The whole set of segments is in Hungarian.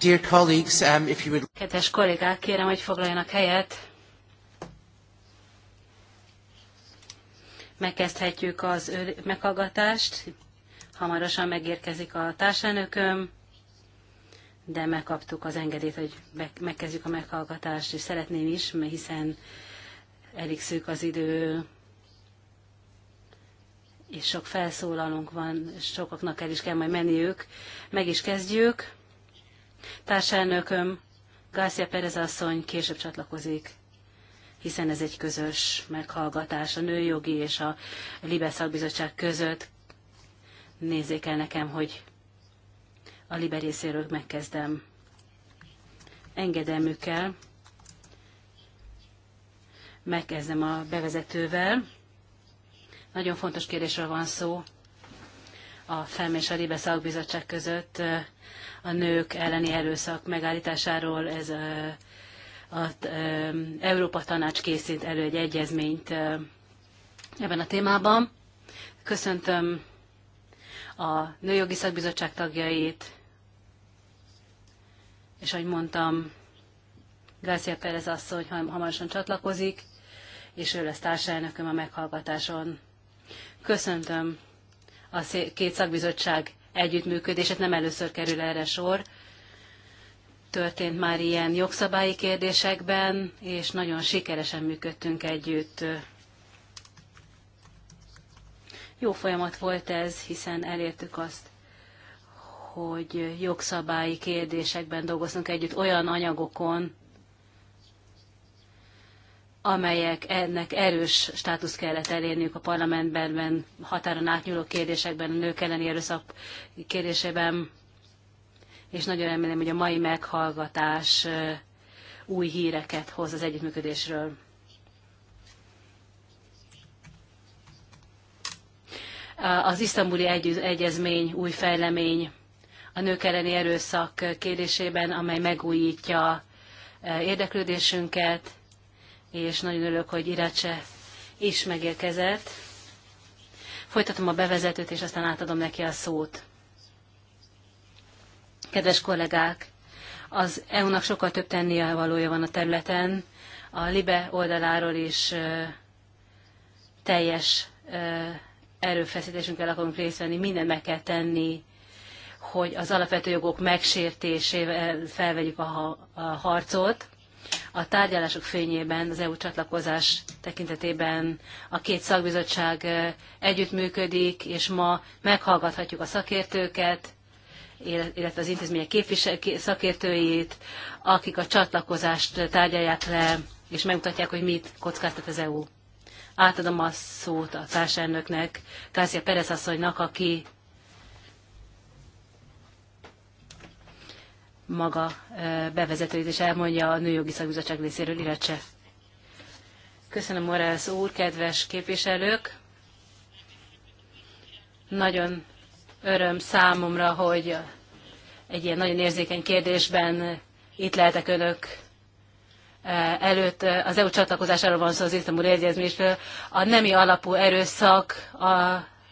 Dear colleagues, um, if you would... Kedves kollégák, kérem, hogy foglaljanak helyet. Megkezdhetjük az meghallgatást. Hamarosan megérkezik a társelnököm, de megkaptuk az engedélyt, hogy megkezdjük a meghallgatást, és szeretném is, mert hiszen elég szűk az idő, és sok felszólalunk van, sokaknak el is kell majd menniük. Meg is kezdjük. Társelnököm Garcia Perez asszony később csatlakozik, hiszen ez egy közös meghallgatás a nőjogi és a Libe szakbizottság között. Nézzék el nekem, hogy a Libe részéről megkezdem engedelmükkel. Megkezdem a bevezetővel. Nagyon fontos kérdésről van szó, a FEM és a LIBE szakbizottság között a nők elleni erőszak megállításáról. Ez az Európa Tanács készít elő egy egyezményt ebben a témában. Köszöntöm a Nőjogi Szakbizottság tagjait, és ahogy mondtam, Garcia Perez asszony hamarosan csatlakozik, és ő lesz társelnököm a meghallgatáson. Köszöntöm a két szakbizottság együttműködését, nem először kerül erre sor. Történt már ilyen jogszabályi kérdésekben, és nagyon sikeresen működtünk együtt. Jó folyamat volt ez, hiszen elértük azt, hogy jogszabályi kérdésekben dolgozunk együtt olyan anyagokon, amelyek ennek erős státusz kellett elérniük a parlamentben, határon átnyúló kérdésekben, a nők elleni erőszak kérdésében, és nagyon remélem, hogy a mai meghallgatás új híreket hoz az együttműködésről. Az isztambuli egyezmény új fejlemény a nők elleni erőszak kérdésében, amely megújítja érdeklődésünket, és nagyon örülök, hogy Irecse is megérkezett. Folytatom a bevezetőt, és aztán átadom neki a szót. Kedves kollégák, az EU-nak sokkal több tennie valója van a területen. A LIBE oldaláról is teljes erőfeszítésünkkel akarunk részt venni, mindent meg kell tenni, hogy az alapvető jogok megsértésével felvegyük a, harcot. A tárgyalások fényében az EU csatlakozás tekintetében a két szakbizottság együttműködik, és ma meghallgathatjuk a szakértőket, illetve az intézmények képvisel, szakértőit, akik a csatlakozást tárgyalják le, és megmutatják, hogy mit kockáztat az EU. Átadom a szót a társelnöknek, Kászia Perez asszonynak, aki maga bevezetőjét, és elmondja a Nőjogi Szakbizottság részéről illetve. Köszönöm, Morász úr, kedves képviselők! Nagyon öröm számomra, hogy egy ilyen nagyon érzékeny kérdésben itt lehetek önök előtt az EU csatlakozásáról van szó az isztambul egyezmésről. A nemi alapú erőszak a,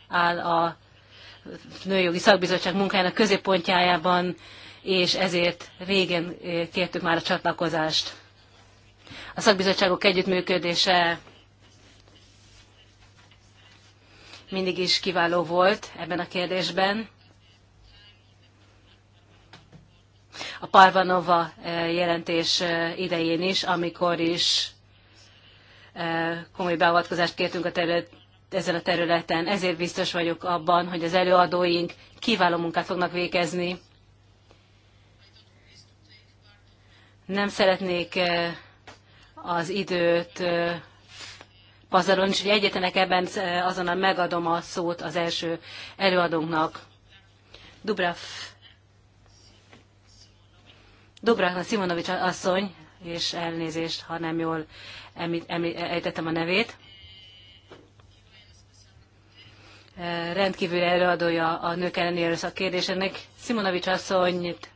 áll a Nőjogi Szakbizottság munkájának középpontjájában és ezért régen kértük már a csatlakozást. A szakbizottságok együttműködése mindig is kiváló volt ebben a kérdésben. A Parvanova jelentés idején is, amikor is komoly beavatkozást kértünk a terület, ezen a területen. Ezért biztos vagyok abban, hogy az előadóink kiváló munkát fognak végezni, Nem szeretnék eh, az időt eh, pazarolni, úgyhogy egyetlenek ebben eh, azonnal megadom a szót az első előadónknak. Dubrav. Dubravna Simonovics asszony, és elnézést, ha nem jól ejtettem a nevét. Rendkívül előadója a nők elleni erőszak kérdésének. Simonovics asszonyt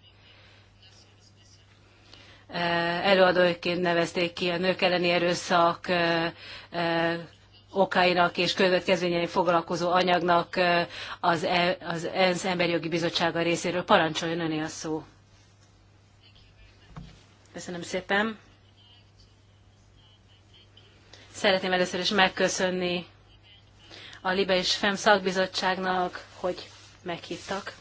Eh, előadóként nevezték ki a nők elleni erőszak eh, eh, okainak és következményei foglalkozó anyagnak az, e, az ENSZ Emberjogi Bizottsága részéről. Parancsoljon öné a szó. Köszönöm szépen. Szeretném először is megköszönni a Libe és FEM szakbizottságnak, hogy meghívtak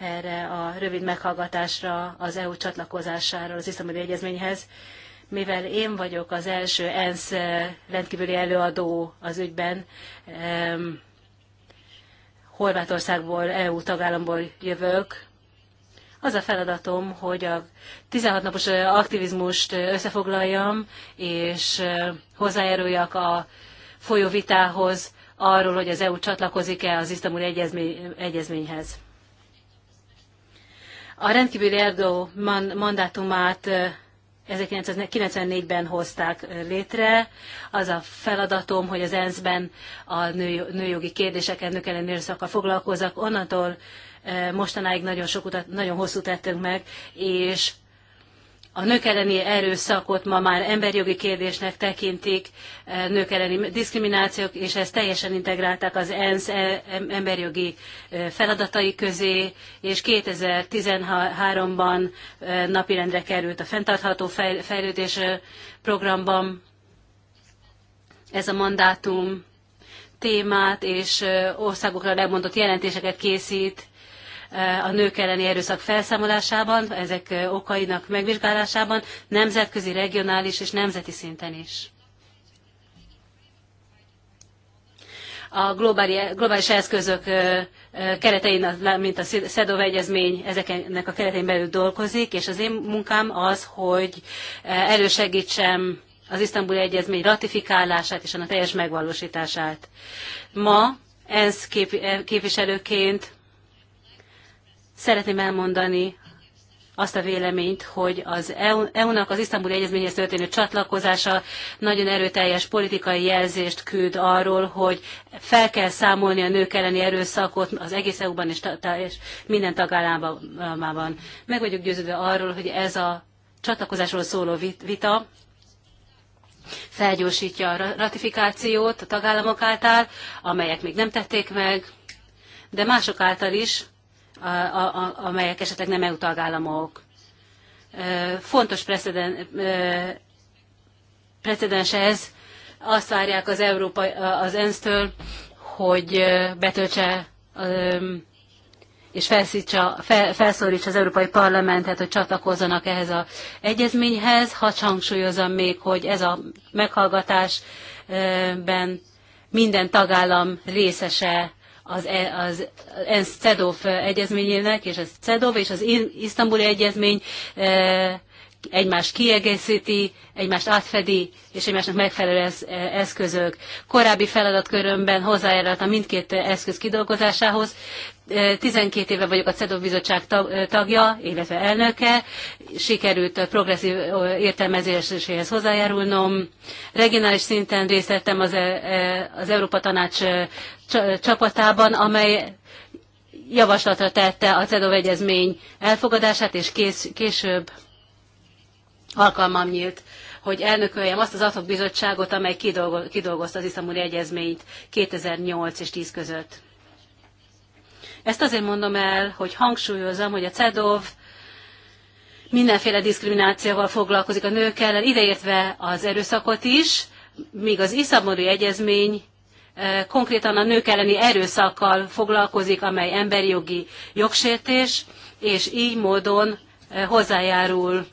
erre a rövid meghallgatásra az EU csatlakozásáról az iszlami egyezményhez, mivel én vagyok az első ENSZ eh, rendkívüli előadó az ügyben, Horvátországból, EU tagállamból jövök, az a feladatom, hogy a 16 napos eh, aktivizmust eh, összefoglaljam, és hozzájáruljak a folyó vitához arról, hogy az EU csatlakozik-e az isztambuli egyezmény, egyezményhez. A rendkívüli Erdó mandátumát 1994-ben hozták létre. Az a feladatom, hogy az ENSZ-ben a nő, nőjogi kérdéseken nők elleni erőszakkal foglalkozak. Onnantól mostanáig nagyon, sok utat, nagyon hosszú tettünk meg, és a nők elleni erőszakot ma már emberjogi kérdésnek tekintik, e, nők elleni diszkriminációk, és ezt teljesen integrálták az ENSZ e, emberjogi e, feladatai közé, és 2013-ban napirendre került a fenntartható fejlődés programban ez a mandátum témát, és országokra lemondott jelentéseket készít, a nők elleni erőszak felszámolásában, ezek okainak megvizsgálásában, nemzetközi, regionális és nemzeti szinten is. a globális, eszközök keretein, mint a SZEDOV egyezmény, ezeknek a keretein belül dolgozik, és az én munkám az, hogy elősegítsem az isztambuli egyezmény ratifikálását és annak teljes megvalósítását. Ma ENSZ képviselőként Szeretném elmondani azt a véleményt, hogy az EU-nak e az isztambuli egyezményhez történő csatlakozása nagyon erőteljes politikai jelzést küld arról, hogy fel kell számolni a nők elleni erőszakot az egész EU-ban és, és minden tagállamában. Meg vagyok győződve arról, hogy ez a csatlakozásról szóló vita felgyorsítja a ratifikációt a tagállamok által, amelyek még nem tették meg, de mások által is, a, a, amelyek esetleg nem EU tagállamok. Fontos preceden, precedens ez. Azt várják az, Európa, az ENSZ-től, hogy betöltse és felszítsa, fel, felszólítsa az Európai Parlamentet, hogy csatlakozzanak ehhez az egyezményhez. Hadd hangsúlyozom még, hogy ez a meghallgatásban minden tagállam részese az, e, az ENSZ CEDOV egyezményének, és az CEDOV és az isztambuli egyezmény egymást kiegészíti, egymást átfedi, és egymásnak megfelelő eszközök. Korábbi feladatkörömben hozzájárultam mindkét eszköz kidolgozásához. 12 éve vagyok a CEDOV bizottság tagja, illetve elnöke. Sikerült a progresszív értelmezéséhez hozzájárulnom. Regionális szinten részt vettem az, az Európa Tanács csapatában, amely javaslatra tette a CEDO egyezmény elfogadását, és kés, később alkalmam nyílt, hogy elnököljem azt az ATOK bizottságot, amely kidolgo, kidolgozta az isztambuli egyezményt 2008 és 10 között. Ezt azért mondom el, hogy hangsúlyozom, hogy a CEDOV mindenféle diszkriminációval foglalkozik a nők ellen, ideértve az erőszakot is, míg az isztambuli egyezmény konkrétan a nők elleni erőszakkal foglalkozik, amely emberi jogi jogsértés, és így módon hozzájárul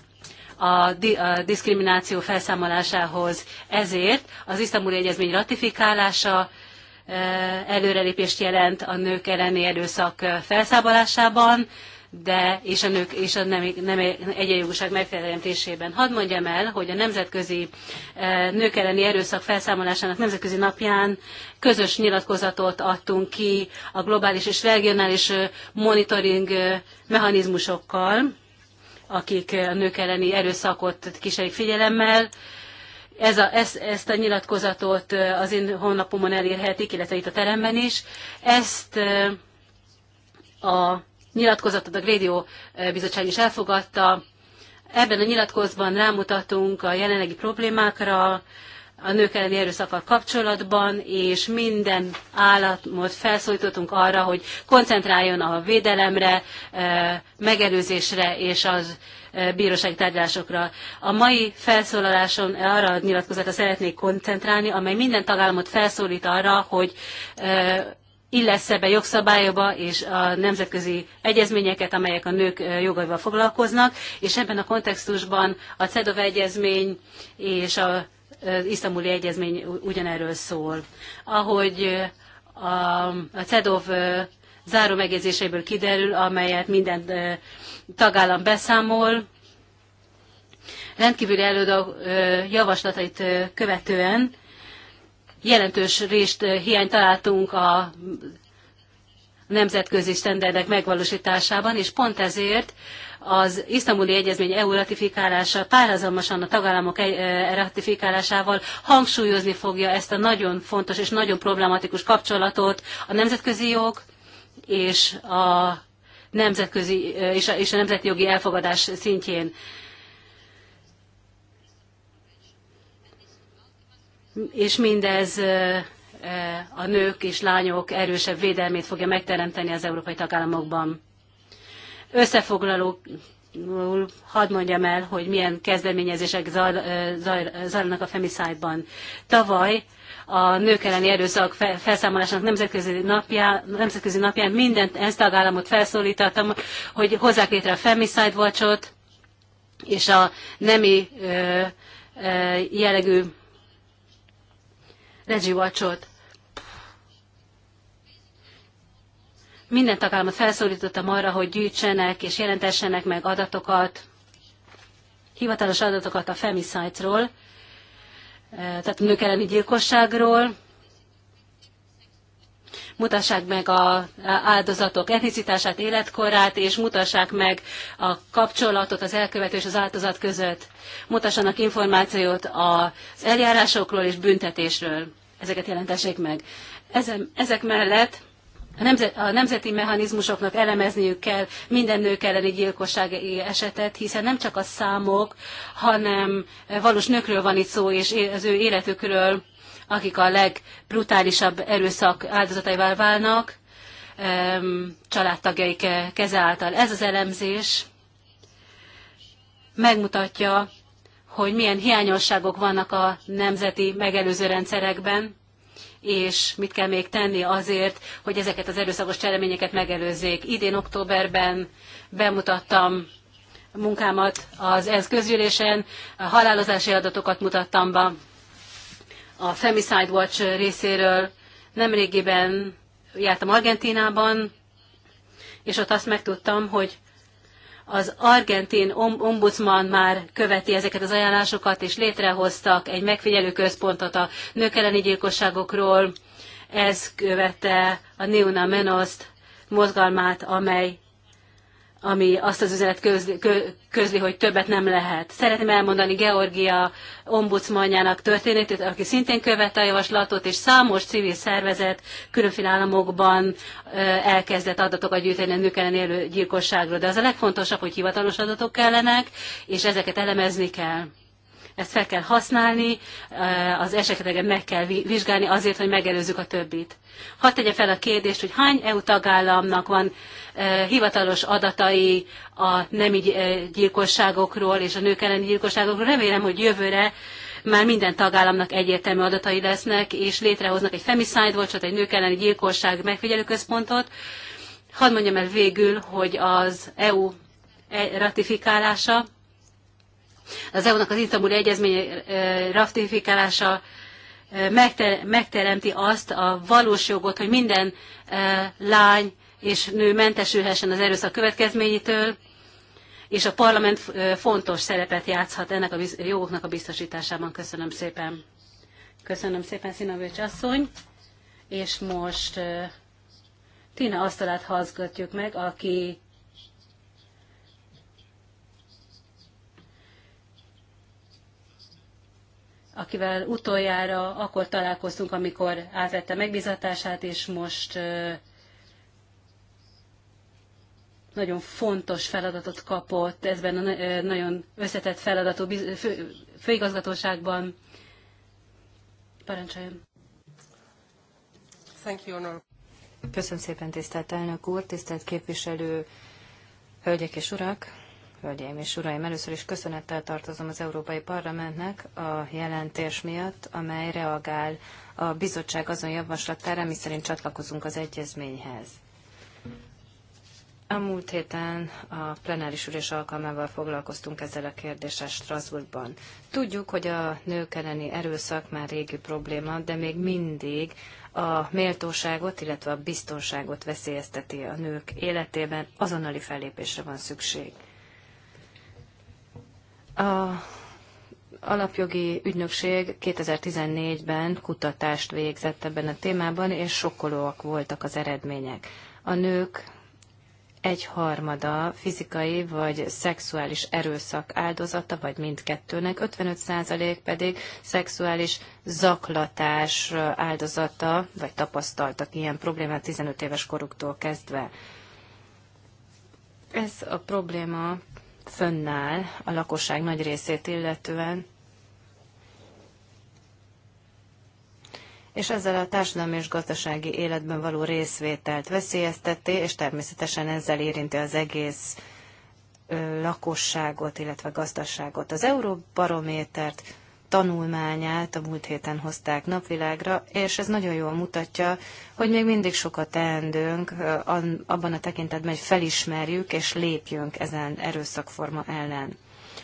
a, di a diszkrimináció felszámolásához. Ezért az isztambuli egyezmény ratifikálása előrelépést jelent a nők elleni erőszak felszámolásában, de és a nők és a nem, nem egyenjogúság megfelelőtésében. Hadd mondjam el, hogy a Nemzetközi eh, Nők elleni erőszak felszámolásának nemzetközi napján közös nyilatkozatot adtunk ki a globális és regionális eh, monitoring eh, mechanizmusokkal, akik a nők elleni erőszakot kísérik figyelemmel. Ez a, ez, ezt a nyilatkozatot az én honlapomon elérhetik, illetve itt a teremben is. Ezt a nyilatkozatot a Grédió eh, Bizottság is elfogadta. Ebben a nyilatkozban rámutatunk a jelenlegi problémákra, a nők elleni erőszakkal kapcsolatban, és minden államot felszólítottunk arra, hogy koncentráljon a védelemre, eh, megelőzésre és az eh, bírósági tárgyalásokra. A mai felszólaláson arra a nyilatkozatra szeretnék koncentrálni, amely minden tagállamot felszólít arra, hogy illesz-e be jogszabályba és a nemzetközi egyezményeket, amelyek a nők jogaival foglalkoznak, és ebben a kontextusban a CEDOV egyezmény és a isztambuli egyezmény ugyanerről szól. Ahogy a CEDOV záró megjegyzéseiből kiderül, amelyet minden tagállam beszámol, rendkívüli előadó javaslatait követően jelentős részt eh, hiányt találtunk a nemzetközi standardek megvalósításában, és pont ezért az isztambuli egyezmény EU ratifikálása párhuzamosan a tagállamok e eh, ratifikálásával hangsúlyozni fogja ezt a nagyon fontos és nagyon problematikus kapcsolatot a nemzetközi jog és a nemzetközi eh, és a, és a nemzeti jogi elfogadás szintjén. és mindez a nők és lányok erősebb védelmét fogja megteremteni az európai tagállamokban. összefoglalóul hadd mondjam el, hogy milyen kezdeményezések zajlanak a femicide-ban. Tavaly a nők elleni erőszak felszámolásának nemzetközi, napján, nemzetközi napján minden ezt tagállamot felszólítottam, hogy hozzák létre a femicide watchot és a nemi jellegű Reggie Watchot. Minden tagállamot felszólítottam arra, hogy gyűjtsenek és jelentessenek meg adatokat, hivatalos adatokat a femicide ról eh, tehát nők elleni gyilkosságról, mutassák meg a áldozatok etnicitását, életkorát, és mutassák meg a kapcsolatot az elkövető és az áldozat között. Mutassanak információt az eljárásokról és büntetésről. Ezeket jelentessék meg. Ezek mellett a, nemzet, a nemzeti mechanizmusoknak elemezniük kell minden nők elleni gyilkossági esetet, hiszen nem csak a számok, hanem valós nőkről van itt szó, és az ő életükről, akik a legbrutálisabb erőszak áldozataival válnak, családtagjaik e, keze által. Ez az elemzés megmutatja, hogy milyen hiányosságok vannak a nemzeti megelőző rendszerekben, és mit kell még tenni azért, hogy ezeket az erőszakos cseleményeket megelőzzék. Idén októberben bemutattam munkámat az ENSZ közgyűlésen, halálozási adatokat mutattam be, a Femicide Watch részéről. Nemrégiben jártam Argentinában, és ott azt megtudtam, hogy az argentin ombudsman már követi ezeket az ajánlásokat, és létrehoztak egy megfigyelő központot a nők elleni gyilkosságokról. Ez követte a Neuna Menost mozgalmát, amely ami azt az üzenet közli, kö, közli, hogy többet nem lehet. Szeretném elmondani Georgia ombudsmanjának történetét, aki szintén követte a javaslatot, és számos civil szervezet különféle államokban elkezdett adatokat gyűjteni a nők ellen élő gyilkosságról. De az a legfontosabb, hogy hivatalos adatok kellenek, és ezeket elemezni kell ezt fel kell használni, eh, az eseteket meg kell vizsgálni azért, hogy megelőzzük a többit. Hadd tegye fel a kérdést, hogy hány EU tagállamnak van eh, hivatalos adatai a nemi eh, gyilkosságokról és a nők elleni gyilkosságokról. Remélem, hogy jövőre már minden tagállamnak egyértelmű adatai lesznek, és létrehoznak egy femicide watchot, egy nők elleni gyilkosság megfigyelőközpontot. Hadd mondjam el végül, hogy az EU e- ratifikálása az EU-nak az isztambuli egyezmény ratifikálása megteremti azt a valós jogot, hogy minden lány és nő mentesülhessen az erőszak következményétől, és a parlament fontos szerepet játszhat ennek a jogoknak a biztosításában. Köszönöm szépen. Köszönöm szépen, Szinavécs asszony. És most Tina Asztalát hallgatjuk meg, aki akivel utoljára akkor találkoztunk, amikor átvette megbizatását, és most nagyon fontos feladatot kapott ezben a nagyon összetett feladatú fő, főigazgatóságban. Parancsoljon! Thank you, Honor. Köszönöm szépen, tisztelt elnök úr, tisztelt képviselő, hölgyek és urak! Hölgyeim és Uraim, először is köszönettel tartozom az Európai Parlamentnek a jelentés miatt, amely reagál a bizottság azon javaslatára, miszerint csatlakozunk az egyezményhez. A múlt héten a plenáris ülés alkalmával foglalkoztunk ezzel a kérdéssel Strasbourgban. Tudjuk, hogy a nők elleni erőszak már régi probléma, de még mindig a méltóságot, illetve a biztonságot veszélyezteti a nők életében, azonnali fellépésre van szükség. A alapjogi ügynökség 2014-ben kutatást végzett ebben a témában, és sokkolóak voltak az eredmények. A nők egy harmada fizikai vagy szexuális erőszak áldozata, vagy mindkettőnek, 55% pedig szexuális zaklatás áldozata, vagy tapasztaltak ilyen problémát 15 éves koruktól kezdve. Ez a probléma fönnáll a lakosság nagy részét illetően, és ezzel a társadalmi és gazdasági életben való részvételt veszélyezteti, és természetesen ezzel érinti az egész lakosságot, illetve gazdaságot. Az euróbarométert tanulmányát a múlt héten hozták napvilágra, és ez nagyon jól mutatja, hogy még mindig sokat teendőnk abban a tekintetben, hogy felismerjük és lépjünk ezen erőszakforma ellen.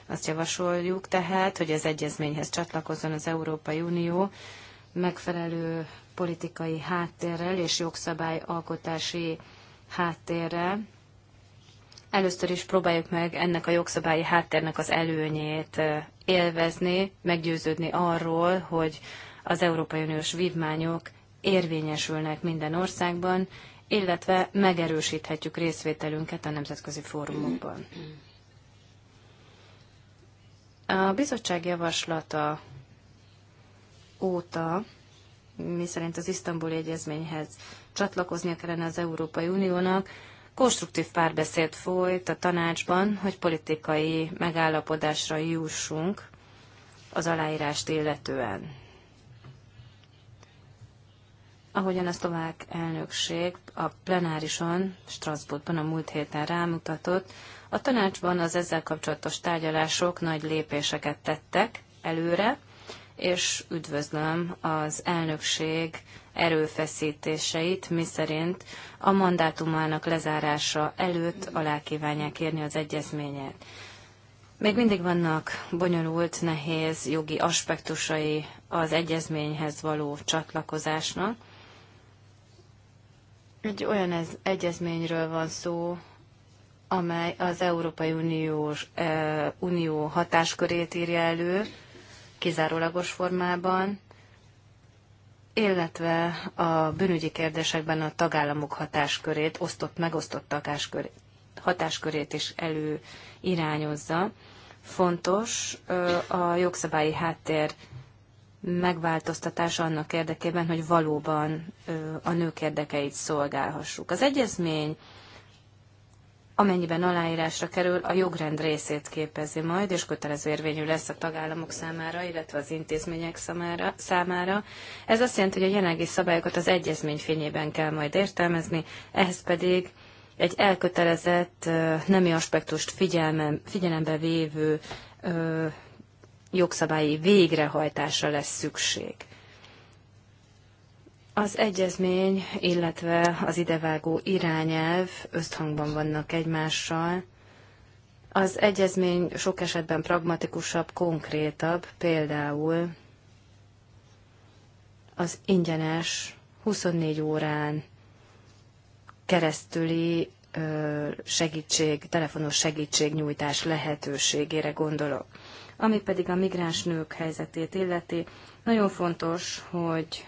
Azt javasoljuk tehát, hogy az egyezményhez csatlakozzon az Európai Unió megfelelő politikai háttérrel és jogszabályalkotási háttérrel. Először is próbáljuk meg ennek a jogszabályi háttérnek az előnyét élvezni, meggyőződni arról, hogy az Európai Uniós vívmányok érvényesülnek minden országban, illetve megerősíthetjük részvételünket a nemzetközi fórumokban. A bizottság javaslata óta, miszerint az isztambuli egyezményhez csatlakoznia kellene az Európai Uniónak, Konstruktív párbeszéd folyt a tanácsban, hogy politikai megállapodásra jussunk az aláírást illetően. Ahogyan a szlovák elnökség a plenárison, Strasbourgban a múlt héten rámutatott, a tanácsban az ezzel kapcsolatos tárgyalások nagy lépéseket tettek előre, és üdvözlöm az elnökség erőfeszítéseit, miszerint a mandátumának lezárása előtt alá kívánják írni az egyezményet. Még mindig vannak bonyolult, nehéz jogi aspektusai az egyezményhez való csatlakozásnak. Egy olyan ez, egyezményről van szó, amely az Európai Uniós, e, Unió hatáskörét írja elő, kizárólagos formában, illetve a bűnügyi kérdésekben a tagállamok hatáskörét, osztott, megosztott hatáskörét, hatáskörét is elő irányozza. Fontos a jogszabályi háttér megváltoztatása annak érdekében, hogy valóban a nők érdekeit szolgálhassuk. Az egyezmény amennyiben aláírásra kerül, a jogrend részét képezi majd, és kötelező érvényű lesz a tagállamok számára, illetve az intézmények számára. számára. Ez azt jelenti, hogy a jelenlegi szabályokat az egyezmény fényében kell majd értelmezni, ehhez pedig egy elkötelezett, nemi aspektust figyelmen, figyelembe vévő jogszabályi végrehajtásra lesz szükség. Az egyezmény, illetve az idevágó irányelv összhangban vannak egymással. Az egyezmény sok esetben pragmatikusabb, konkrétabb, például az ingyenes 24 órán keresztüli segítség, telefonos segítségnyújtás lehetőségére gondolok. Ami pedig a migráns nők helyzetét illeti, nagyon fontos, hogy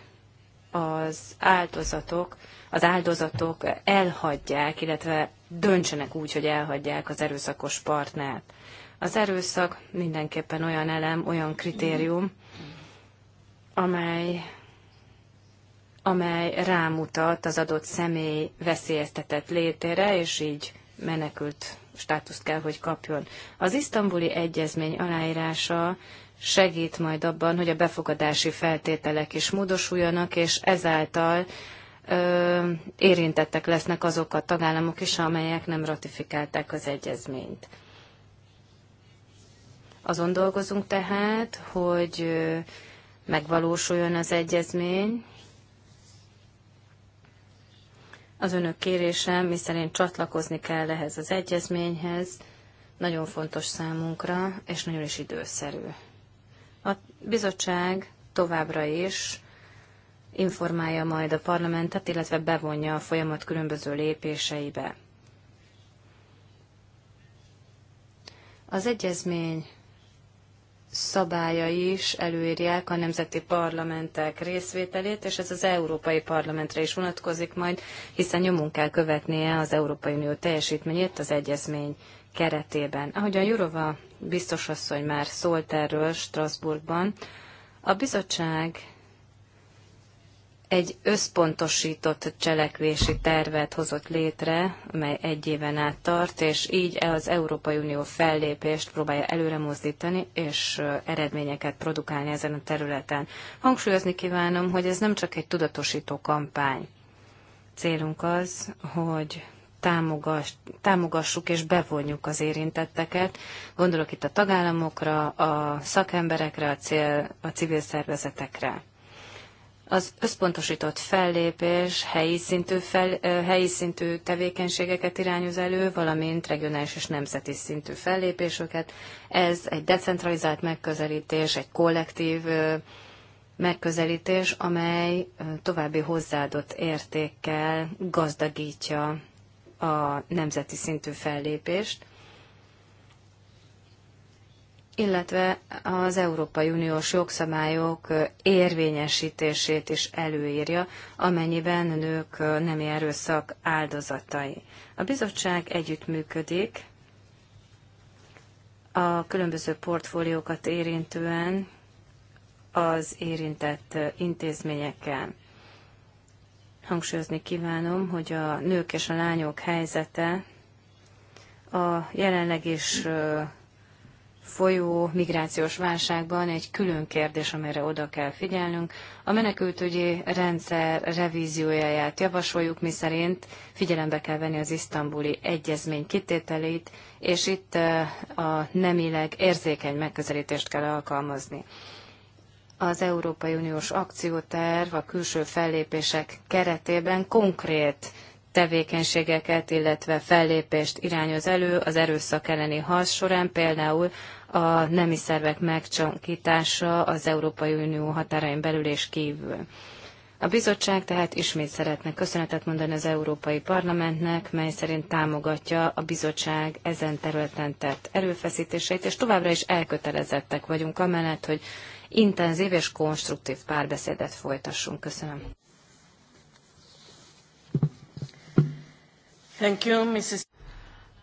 az áldozatok, az áldozatok elhagyják, illetve döntsenek úgy, hogy elhagyják az erőszakos partnert. Az erőszak mindenképpen olyan elem, olyan kritérium, amely, amely rámutat az adott személy veszélyeztetett létére, és így menekült státuszt kell, hogy kapjon. Az isztambuli egyezmény aláírása segít majd abban, hogy a befogadási feltételek is módosuljanak, és ezáltal ö, érintettek lesznek azok a tagállamok is, amelyek nem ratifikálták az egyezményt. Azon dolgozunk tehát, hogy megvalósuljon az egyezmény, az önök kérése, miszerint csatlakozni kell ehhez az egyezményhez, nagyon fontos számunkra, és nagyon is időszerű. A bizottság továbbra is informálja majd a parlamentet, illetve bevonja a folyamat különböző lépéseibe. Az egyezmény szabályai is előírják a nemzeti parlamentek részvételét, és ez az Európai Parlamentre is vonatkozik majd, hiszen nyomunk kell követnie az Európai Unió teljesítményét az egyezmény keretében. Ahogy a Jurova biztosasszony már szólt erről Strasbourgban, a bizottság egy összpontosított cselekvési tervet hozott létre, mely egy éven át tart, és így e az Európai Unió fellépést próbálja előre mozdítani, és eredményeket produkálni ezen a területen. Hangsúlyozni kívánom, hogy ez nem csak egy tudatosító kampány. Célunk az, hogy támogassuk és bevonjuk az érintetteket. Gondolok itt a tagállamokra, a szakemberekre, a, cél, a civil szervezetekre az összpontosított fellépés helyi szintű, fel, helyi szintű tevékenységeket irányoz elő, valamint regionális és nemzeti szintű fellépéseket. Ez egy decentralizált megközelítés, egy kollektív megközelítés, amely további hozzáadott értékkel gazdagítja a nemzeti szintű fellépést illetve az Európai Uniós jogszabályok érvényesítését is előírja, amennyiben nők nem erőszak áldozatai. A bizottság együttműködik a különböző portfóliókat érintően az érintett intézményekkel. Hangsúlyozni kívánom, hogy a nők és a lányok helyzete a jelenleg is folyó migrációs válságban egy külön kérdés, amire oda kell figyelnünk. A menekültügyi rendszer revízióját javasoljuk, miszerint figyelembe kell venni az isztambuli egyezmény kitételét, és itt a nemileg érzékeny megközelítést kell alkalmazni. Az Európai Uniós akcióterv a külső fellépések keretében konkrét tevékenységeket, illetve fellépést irányoz elő az erőszak elleni harc során, például a nemi szervek megcsonkítása az Európai Unió határain belül és kívül. A bizottság tehát ismét szeretne köszönetet mondani az Európai Parlamentnek, mely szerint támogatja a bizottság ezen területen tett erőfeszítéseit, és továbbra is elkötelezettek vagyunk amellett, hogy intenzív és konstruktív párbeszédet folytassunk. Köszönöm.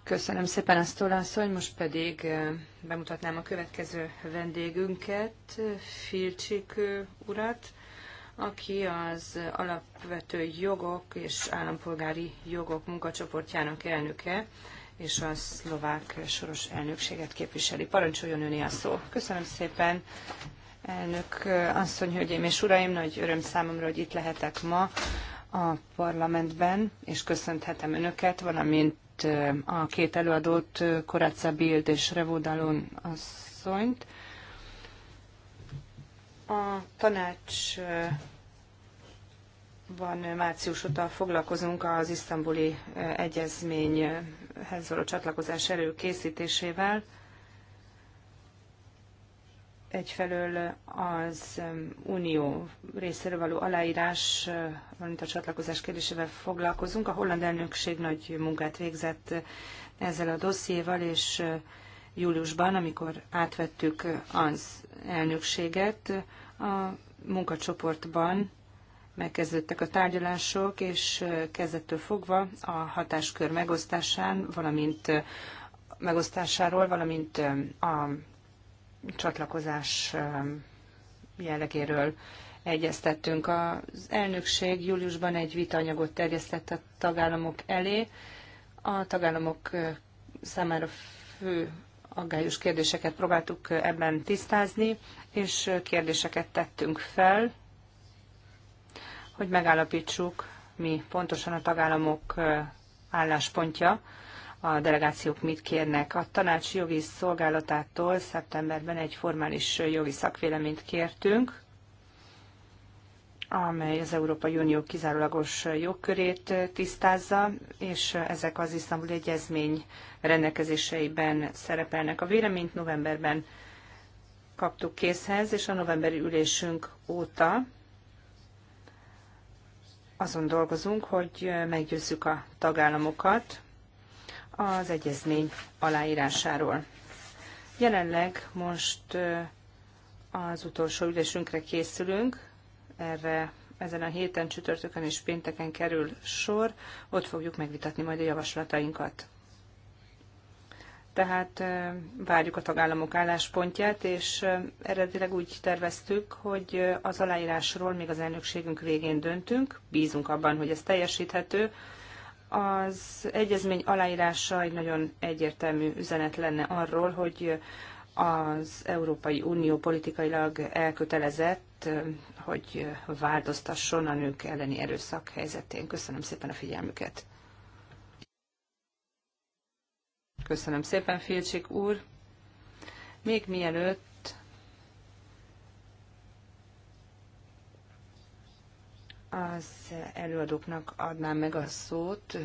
Köszönöm szépen azt asszony, most pedig eh, bemutatnám a következő vendégünket, Filcsik eh, urat, aki az alapvető jogok és állampolgári jogok munkacsoportjának elnöke, és a szlovák soros elnökséget képviseli. Parancsoljon öné a szó. Köszönöm szépen, elnök eh, asszony, hölgyeim és uraim, nagy öröm számomra, hogy itt lehetek ma a parlamentben, és köszönhetem önöket, valamint a két előadót, Koráca Bild és Revodalon asszonyt. A tanács van március óta foglalkozunk az isztambuli egyezményhez való csatlakozás előkészítésével egyfelől az um, unió részéről való aláírás, uh, valamint a csatlakozás kérdésével foglalkozunk. A holland elnökség nagy munkát végzett ezzel a dossziéval, és uh, júliusban, amikor átvettük az elnökséget, a munkacsoportban megkezdődtek a tárgyalások, és uh, kezdettől fogva a hatáskör megosztásán, valamint megosztásáról, valamint um, a csatlakozás um, jellegéről egyeztettünk. Az elnökség júliusban egy vitanyagot terjesztett a tagállamok elé. A tagállamok uh, számára fő aggályos kérdéseket próbáltuk uh, ebben tisztázni, és uh, kérdéseket tettünk fel, hogy megállapítsuk, mi pontosan a tagállamok álláspontja a delegációk mit kérnek. A tanács jogi szolgálatától szeptemberben egy formális jogi szakvéleményt kértünk, amely az Európai Unió kizárólagos jogkörét tisztázza, és ezek az Isztambul Egyezmény rendelkezéseiben szerepelnek. A véleményt novemberben kaptuk készhez, és a novemberi ülésünk óta azon dolgozunk, hogy meggyőzzük a tagállamokat, az egyezmény aláírásáról. Jelenleg most az utolsó ülésünkre készülünk, erre ezen a héten csütörtökön és pénteken kerül sor, ott fogjuk megvitatni majd a javaslatainkat. Tehát várjuk a tagállamok álláspontját, és eredetileg úgy terveztük, hogy az aláírásról még az elnökségünk végén döntünk, bízunk abban, hogy ez teljesíthető, az egyezmény aláírása egy nagyon egyértelmű üzenet lenne arról, hogy az Európai Unió politikailag elkötelezett, hogy változtasson a nők elleni erőszak helyzetén. Köszönöm szépen a figyelmüket. Köszönöm szépen, Filcsik úr. Még mielőtt az előadóknak adnám meg a szót.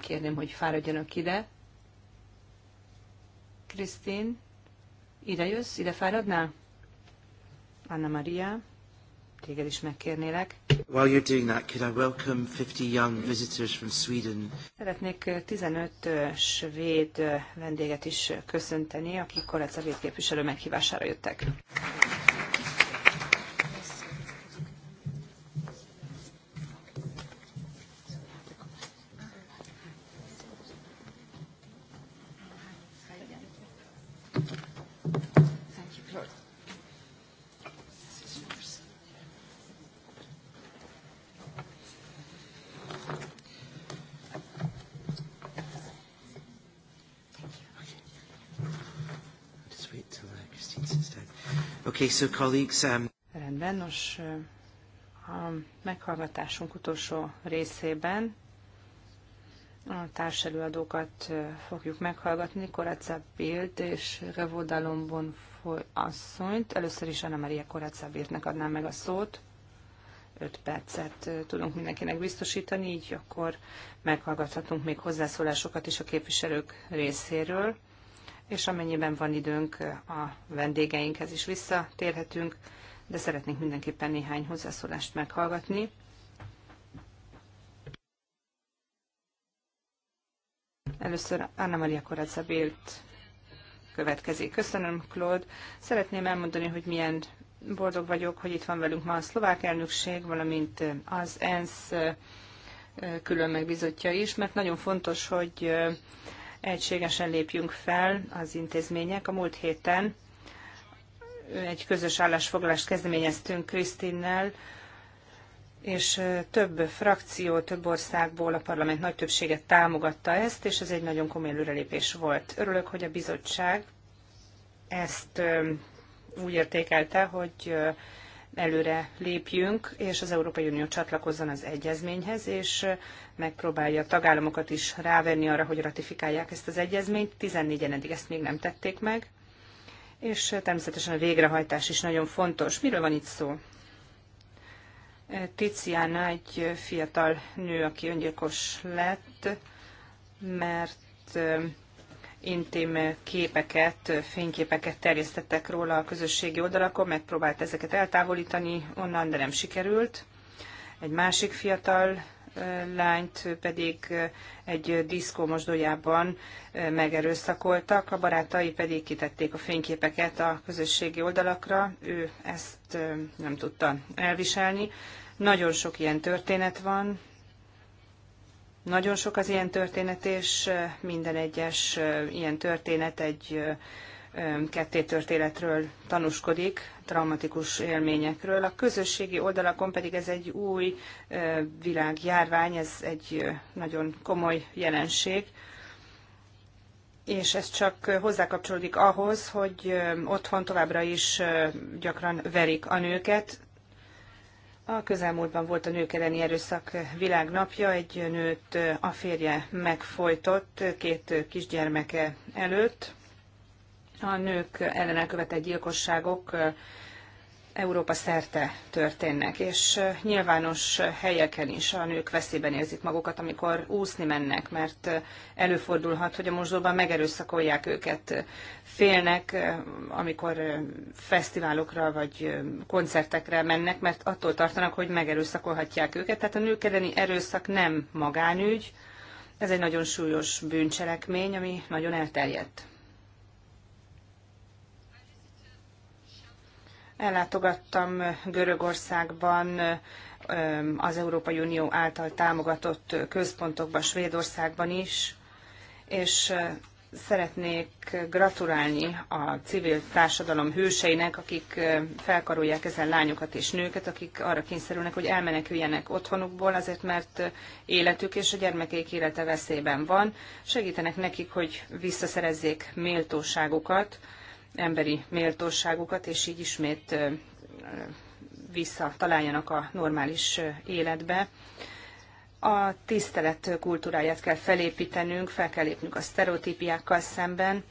Kérném, hogy fáradjanak ide. Krisztin, ide jössz? Ide fáradnál? Anna Maria, téged is megkérnélek. While you're doing that, could I welcome 50 young visitors from Sweden? Szeretnék 15 svéd vendéget is köszönteni, akik Koreca képviselő meghívására jöttek. Okay, so colleagues, um... Rendben, nos, a meghallgatásunk utolsó részében a társelőadókat fogjuk meghallgatni, Koraca Bild és Revodalombon asszonyt. Először is Anna Maria Koraca Bildnek adnám meg a szót. 5 percet tudunk mindenkinek biztosítani, így akkor meghallgathatunk még hozzászólásokat is a képviselők részéről és amennyiben van időnk, a vendégeinkhez is visszatérhetünk, de szeretnénk mindenképpen néhány hozzászólást meghallgatni. Először Anna Maria Bélt következik. Köszönöm, Claude. Szeretném elmondani, hogy milyen boldog vagyok, hogy itt van velünk ma a szlovák elnökség, valamint az ENSZ külön megbizotja is, mert nagyon fontos, hogy egységesen lépjünk fel az intézmények. A múlt héten egy közös állásfoglalást kezdeményeztünk Krisztinnel, és több frakció, több országból a parlament nagy többséget támogatta ezt, és ez egy nagyon komoly előrelépés volt. Örülök, hogy a bizottság ezt úgy értékelte, hogy előre lépjünk, és az Európai Unió csatlakozzon az egyezményhez, és megpróbálja a tagállamokat is rávenni arra, hogy ratifikálják ezt az egyezményt. 14-en eddig ezt még nem tették meg, és természetesen a végrehajtás is nagyon fontos. Miről van itt szó? Tiziana egy fiatal nő, aki öngyilkos lett, mert intim képeket, fényképeket terjesztettek róla a közösségi oldalakon, megpróbált ezeket eltávolítani onnan, de nem sikerült. Egy másik fiatal lányt pedig egy diszkó mosdójában megerőszakoltak, a barátai pedig kitették a fényképeket a közösségi oldalakra, ő ezt nem tudta elviselni. Nagyon sok ilyen történet van, nagyon sok az ilyen történet, és minden egyes ilyen történet egy ketté történetről tanúskodik, traumatikus élményekről. A közösségi oldalakon pedig ez egy új világjárvány, ez egy nagyon komoly jelenség és ez csak hozzákapcsolódik ahhoz, hogy otthon továbbra is gyakran verik a nőket, a közelmúltban volt a nők elleni erőszak világnapja, egy nőt a férje megfojtott két kisgyermeke előtt. A nők ellen elkövetett gyilkosságok Európa szerte történnek, és nyilvános helyeken is a nők veszélyben érzik magukat, amikor úszni mennek, mert előfordulhat, hogy a mosdóban megerőszakolják őket, félnek, amikor fesztiválokra vagy koncertekre mennek, mert attól tartanak, hogy megerőszakolhatják őket. Tehát a nők elleni erőszak nem magánügy, ez egy nagyon súlyos bűncselekmény, ami nagyon elterjedt. Ellátogattam Görögországban az Európai Unió által támogatott központokban, Svédországban is, és szeretnék gratulálni a civil társadalom hőseinek, akik felkarolják ezen lányokat és nőket, akik arra kényszerülnek, hogy elmeneküljenek otthonukból, azért mert életük és a gyermekeik élete veszélyben van. Segítenek nekik, hogy visszaszerezzék méltóságukat, emberi méltóságukat, és így ismét visszataláljanak a normális életbe. A tisztelet kultúráját kell felépítenünk, fel kell lépnünk a sztereotípiákkal szemben.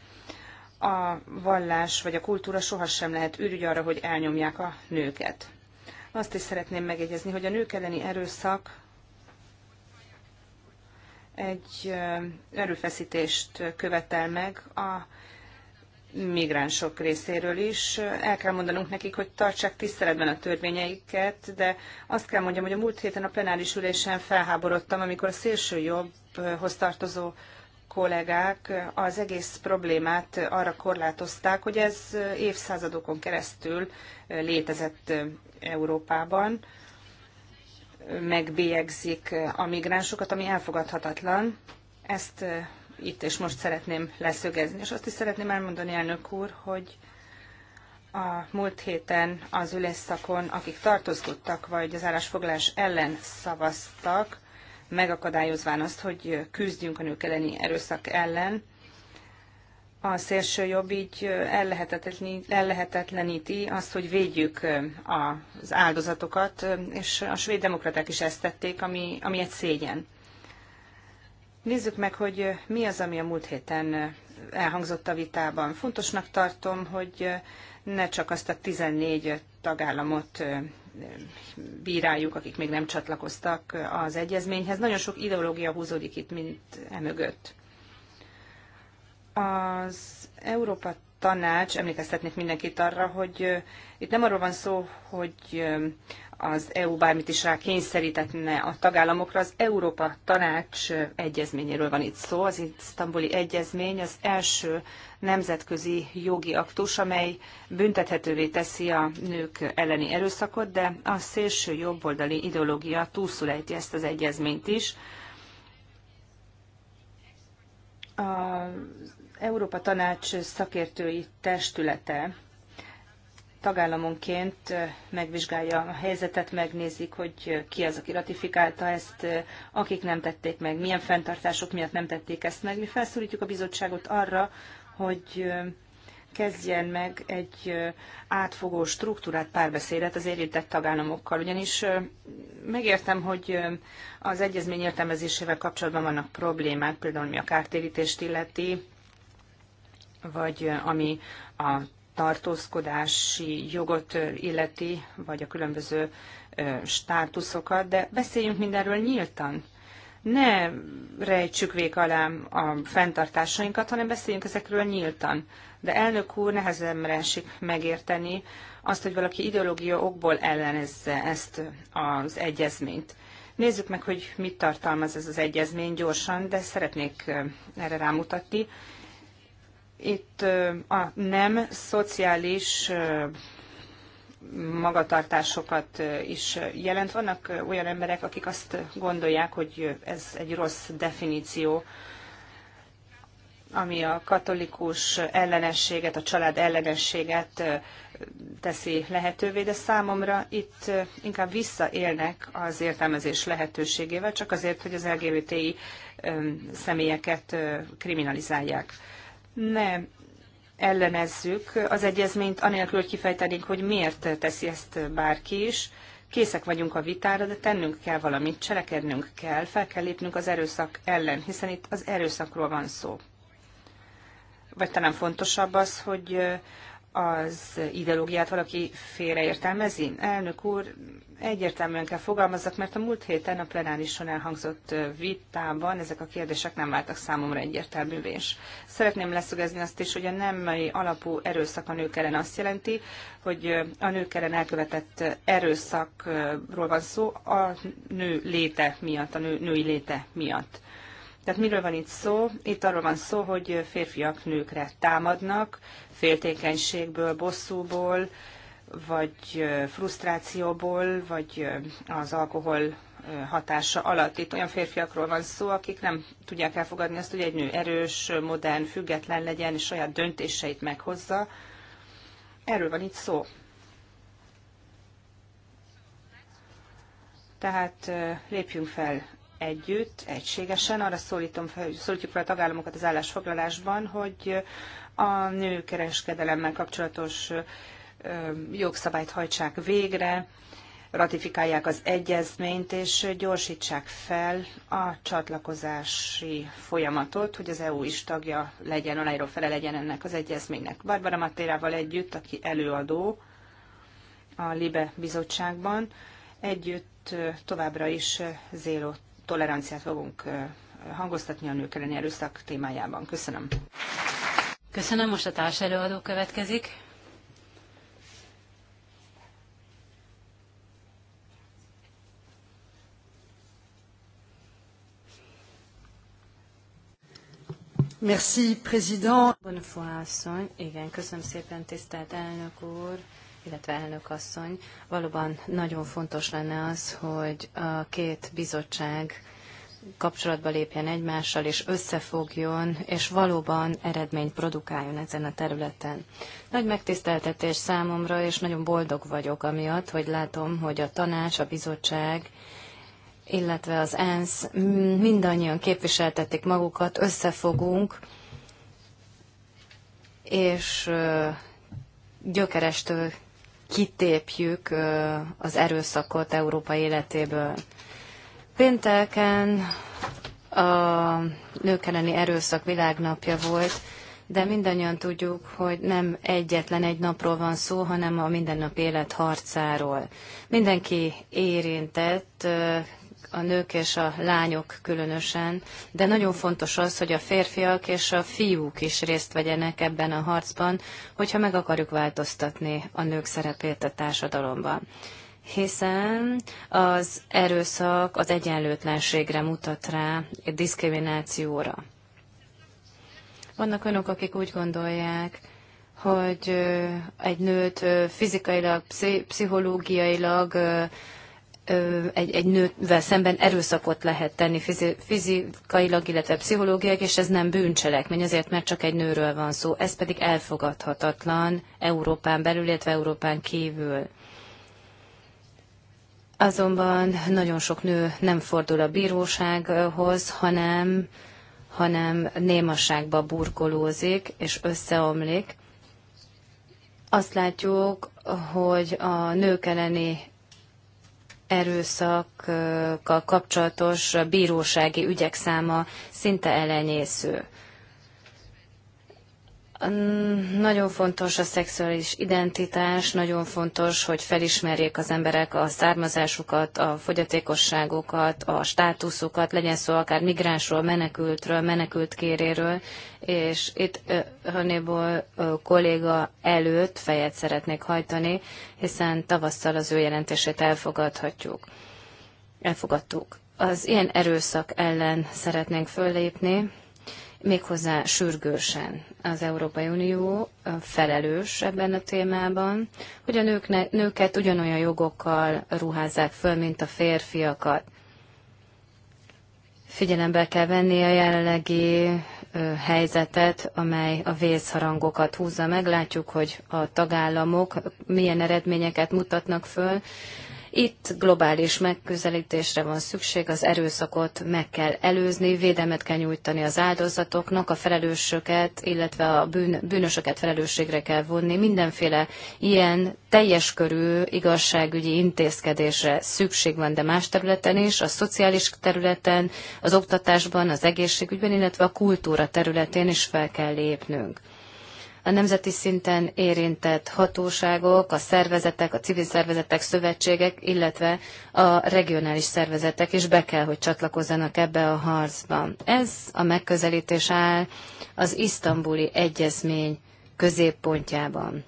A vallás vagy a kultúra sohasem lehet ürügy arra, hogy elnyomják a nőket. Azt is szeretném megjegyezni, hogy a nők elleni erőszak egy erőfeszítést követel meg a migránsok részéről is. El kell mondanunk nekik, hogy tartsák tiszteletben a törvényeiket, de azt kell mondjam, hogy a múlt héten a plenáris ülésen felháborodtam, amikor a szélső jobbhoz tartozó kollégák az egész problémát arra korlátozták, hogy ez évszázadokon keresztül létezett Európában, megbélyegzik a migránsokat, ami elfogadhatatlan. Ezt itt és most szeretném leszögezni. És azt is szeretném elmondani, elnök úr, hogy a múlt héten az ülésszakon, akik tartózkodtak, vagy az állásfoglalás ellen szavaztak, megakadályozván azt, hogy küzdjünk a nők elleni erőszak ellen, a szélső jobb így ellehetetleníti azt, hogy védjük az áldozatokat, és a svéd demokraták is ezt tették, ami, ami egy szégyen. Nézzük meg, hogy mi az, ami a múlt héten elhangzott a vitában. Fontosnak tartom, hogy ne csak azt a 14 tagállamot bíráljuk, akik még nem csatlakoztak az egyezményhez. Nagyon sok ideológia húzódik itt, mint emögött. Az Európa tanács, emlékeztetnék mindenkit arra, hogy itt nem arról van szó, hogy az EU bármit is rá kényszerítetne a tagállamokra. Az Európa Tanács egyezményéről van itt szó. Az isztambuli egyezmény az első nemzetközi jogi aktus, amely büntethetővé teszi a nők elleni erőszakot, de a szélső jobboldali ideológia túlszulejti ezt az egyezményt is. Az Európa Tanács szakértői testülete tagállamonként megvizsgálja a helyzetet, megnézik, hogy ki az, aki ratifikálta ezt, akik nem tették meg, milyen fenntartások miatt nem tették ezt meg. Mi felszólítjuk a bizottságot arra, hogy kezdjen meg egy átfogó struktúrát, párbeszédet az érintett tagállamokkal. Ugyanis megértem, hogy az egyezmény értelmezésével kapcsolatban vannak problémák, például mi a kártérítést illeti, vagy eh, ami a tartózkodási jogot eh, illeti, vagy a különböző eh, státuszokat, de beszéljünk mindenről nyíltan. Ne rejtsük vék alá a fenntartásainkat, hanem beszéljünk ezekről nyíltan. De elnök úr nehezemre esik megérteni azt, hogy valaki ideológia okból ellenezze ezt az egyezményt. Nézzük meg, hogy mit tartalmaz ez az egyezmény gyorsan, de szeretnék erre rámutatni. Itt a nem szociális magatartásokat is jelent. Vannak olyan emberek, akik azt gondolják, hogy ez egy rossz definíció, ami a katolikus ellenességet, a család ellenességet teszi lehetővé, de számomra itt inkább visszaélnek az értelmezés lehetőségével, csak azért, hogy az LGBTI személyeket kriminalizálják ne ellenezzük az egyezményt, anélkül, hogy kifejtenénk, hogy miért teszi ezt bárki is. Készek vagyunk a vitára, de tennünk kell valamit, cselekednünk kell, fel kell lépnünk az erőszak ellen, hiszen itt az erőszakról van szó. Vagy talán fontosabb az, hogy az ideológiát valaki félreértelmezi? Elnök úr, egyértelműen kell fogalmazzak, mert a múlt héten a plenárison elhangzott vitában ezek a kérdések nem váltak számomra egyértelművé Szeretném leszögezni azt is, hogy a nemmai alapú erőszak a nők ellen azt jelenti, hogy a nők ellen elkövetett erőszakról van szó a nő léte miatt, a nő, női léte miatt. Tehát miről van itt szó? Itt arról van szó, hogy férfiak nőkre támadnak, féltékenységből, bosszúból, vagy frusztrációból, vagy az alkohol hatása alatt. Itt olyan férfiakról van szó, akik nem tudják elfogadni azt, hogy egy nő erős, modern, független legyen, és saját döntéseit meghozza. Erről van itt szó. Tehát lépjünk fel együtt, egységesen. Arra szólítom, szólítjuk fel a tagállamokat az állásfoglalásban, hogy a nőkereskedelemmel kapcsolatos jogszabályt hajtsák végre, ratifikálják az egyezményt, és gyorsítsák fel a csatlakozási folyamatot, hogy az EU is tagja legyen, aláíró fele legyen ennek az egyezménynek. Barbara Matérával együtt, aki előadó a LIBE bizottságban, együtt továbbra is zélo toleranciát fogunk hangoztatni a nők elleni erőszak témájában. Köszönöm. Köszönöm, most a társelőadó következik. Merci, président. Bonnefoy asszony, igen, köszönöm szépen, tisztelt elnök úr illetve elnök asszony. Valóban nagyon fontos lenne az, hogy a két bizottság kapcsolatba lépjen egymással, és összefogjon, és valóban eredményt produkáljon ezen a területen. Nagy megtiszteltetés számomra, és nagyon boldog vagyok amiatt, hogy látom, hogy a tanács, a bizottság, illetve az ENSZ mindannyian képviseltetik magukat, összefogunk, és gyökerestől kitépjük az erőszakot Európa életéből. Pénteken a nők elleni erőszak világnapja volt, de mindannyian tudjuk, hogy nem egyetlen egy napról van szó, hanem a mindennapi élet harcáról. Mindenki érintett, a nők és a lányok különösen, de nagyon fontos az, hogy a férfiak és a fiúk is részt vegyenek ebben a harcban, hogyha meg akarjuk változtatni a nők szerepét a társadalomban. Hiszen az erőszak az egyenlőtlenségre mutat rá, egy diszkriminációra. Vannak olyanok, akik úgy gondolják, hogy egy nőt fizikailag, pszichológiailag egy, egy nővel szemben erőszakot lehet tenni fizikailag, illetve pszichológiai és ez nem bűncselekmény, azért mert csak egy nőről van szó. Ez pedig elfogadhatatlan Európán belül, illetve Európán kívül. Azonban nagyon sok nő nem fordul a bírósághoz, hanem, hanem némaságba burkolózik és összeomlik. Azt látjuk, hogy a nők elleni erőszakkal kapcsolatos bírósági ügyek száma szinte elenyésző. Nagyon fontos a szexuális identitás, nagyon fontos, hogy felismerjék az emberek a származásukat, a fogyatékosságukat, a státuszukat, legyen szó akár migránsról, menekültről, kéréről, és itt Hönéból kolléga előtt fejet szeretnék hajtani, hiszen tavasszal az ő jelentését elfogadhatjuk. Elfogadtuk. Az ilyen erőszak ellen szeretnénk föllépni, méghozzá sürgősen az Európai Unió felelős ebben a témában, hogy a nőkne, nőket ugyanolyan jogokkal ruházzák föl, mint a férfiakat. Figyelembe kell venni a jelenlegi helyzetet, amely a vészharangokat húzza meg. Látjuk, hogy a tagállamok milyen eredményeket mutatnak föl. Itt globális megközelítésre van szükség, az erőszakot meg kell előzni, védelmet kell nyújtani az áldozatoknak, a felelősöket, illetve a bűn, bűnösöket felelősségre kell vonni. Mindenféle ilyen teljes körű igazságügyi intézkedésre szükség van, de más területen is, a szociális területen, az oktatásban, az egészségügyben, illetve a kultúra területén is fel kell lépnünk a nemzeti szinten érintett hatóságok, a szervezetek, a civil szervezetek, szövetségek, illetve a regionális szervezetek is be kell, hogy csatlakozzanak ebbe a harcba. Ez a megközelítés áll az isztambuli egyezmény középpontjában.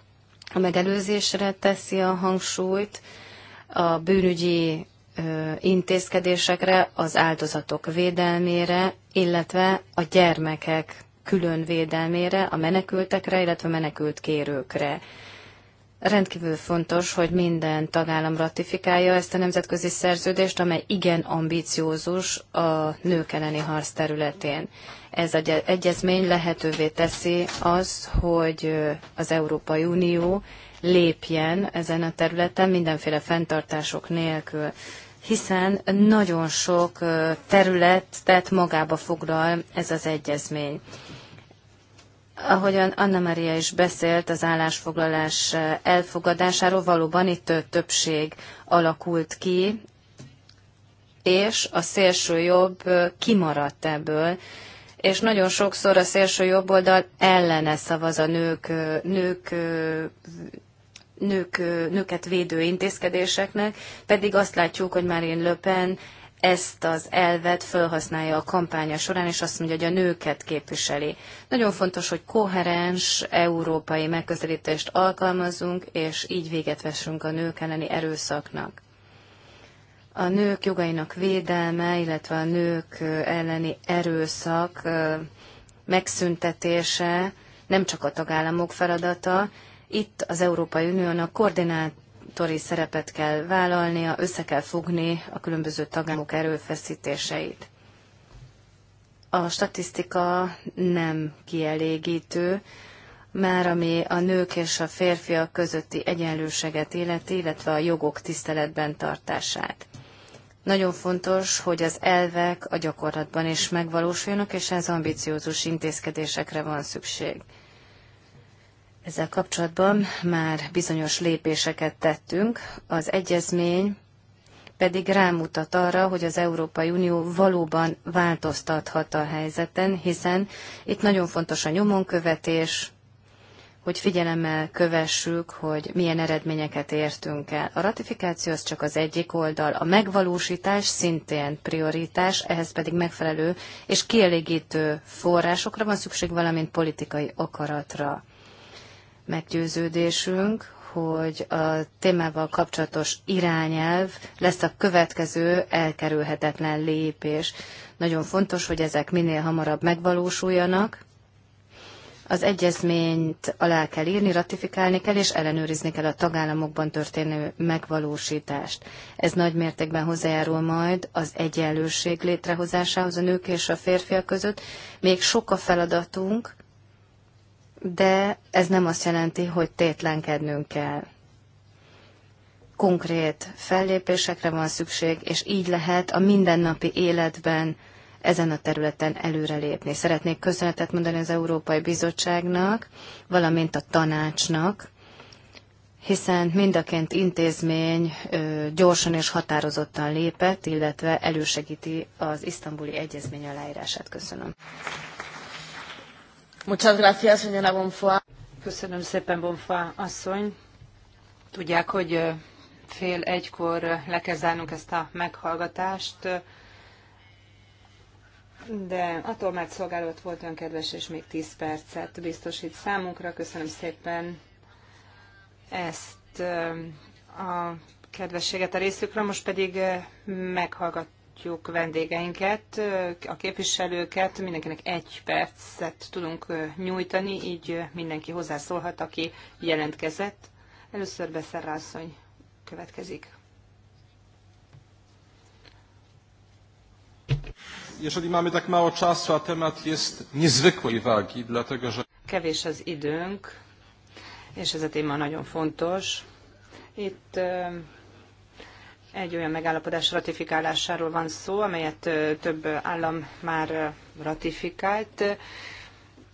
A megelőzésre teszi a hangsúlyt, a bűnügyi intézkedésekre, az áldozatok védelmére, illetve a gyermekek külön védelmére, a menekültekre, illetve menekült kérőkre. Rendkívül fontos, hogy minden tagállam ratifikálja ezt a nemzetközi szerződést, amely igen ambíciózus a nők elleni harc területén. Ez az egyezmény lehetővé teszi az, hogy az Európai Unió lépjen ezen a területen mindenféle fenntartások nélkül hiszen nagyon sok terület, magába foglal ez az egyezmény. Ahogyan Anna Maria is beszélt az állásfoglalás elfogadásáról, valóban itt többség alakult ki, és a szélső jobb kimaradt ebből, és nagyon sokszor a szélső jobb oldal ellene szavaz a nők, nők nők, nőket védő intézkedéseknek, pedig azt látjuk, hogy Marine Le Pen ezt az elvet felhasználja a kampánya során, és azt mondja, hogy a nőket képviseli. Nagyon fontos, hogy koherens európai megközelítést alkalmazunk, és így véget vessünk a nők elleni erőszaknak. A nők jogainak védelme, illetve a nők elleni erőszak megszüntetése nem csak a tagállamok feladata, itt az Európai Uniónak koordinált mentori szerepet kell vállalnia, össze kell fogni a különböző tagállamok erőfeszítéseit. A statisztika nem kielégítő, már ami a nők és a férfiak közötti egyenlőséget illeti, illetve a jogok tiszteletben tartását. Nagyon fontos, hogy az elvek a gyakorlatban is megvalósuljanak, és ez ambiciózus intézkedésekre van szükség. Ezzel kapcsolatban már bizonyos lépéseket tettünk. Az egyezmény pedig rámutat arra, hogy az Európai Unió valóban változtathat a helyzeten, hiszen itt nagyon fontos a nyomonkövetés, hogy figyelemmel kövessük, hogy milyen eredményeket értünk el. A ratifikáció az csak az egyik oldal, a megvalósítás szintén prioritás, ehhez pedig megfelelő és kielégítő forrásokra van szükség, valamint politikai akaratra meggyőződésünk, hogy a témával kapcsolatos irányelv lesz a következő elkerülhetetlen lépés. Nagyon fontos, hogy ezek minél hamarabb megvalósuljanak. Az egyezményt alá kell írni, ratifikálni kell, és ellenőrizni kell a tagállamokban történő megvalósítást. Ez nagy mértékben hozzájárul majd az egyenlőség létrehozásához a nők és a férfiak között. Még sok a feladatunk, de ez nem azt jelenti, hogy tétlenkednünk kell. Konkrét fellépésekre van szükség, és így lehet a mindennapi életben ezen a területen előrelépni. Szeretnék köszönetet mondani az Európai Bizottságnak, valamint a tanácsnak, hiszen mindaként intézmény gyorsan és határozottan lépett, illetve elősegíti az isztambuli egyezmény aláírását. Köszönöm. Muchas gracias, señora Bonfoy. Köszönöm szépen, Bonfa asszony. Tudják, hogy fél egykor le kell zárnunk ezt a meghallgatást, de a tolmácsszolgálat volt olyan kedves, és még 10 percet biztosít számunkra. Köszönöm szépen ezt a kedvességet a részükről, most pedig meghallgat látjuk vendégeinket, a képviselőket, mindenkinek egy percet tudunk nyújtani, így mindenki hozzászólhat, aki jelentkezett. Először beszerrászony következik. Jeżeli mamy tak mało czasu, a temat jest niezwykłej wagi, dlatego że... Kevés az időnk, és ez a téma nagyon fontos. Itt egy olyan megállapodás ratifikálásáról van szó, amelyet több állam már ratifikált.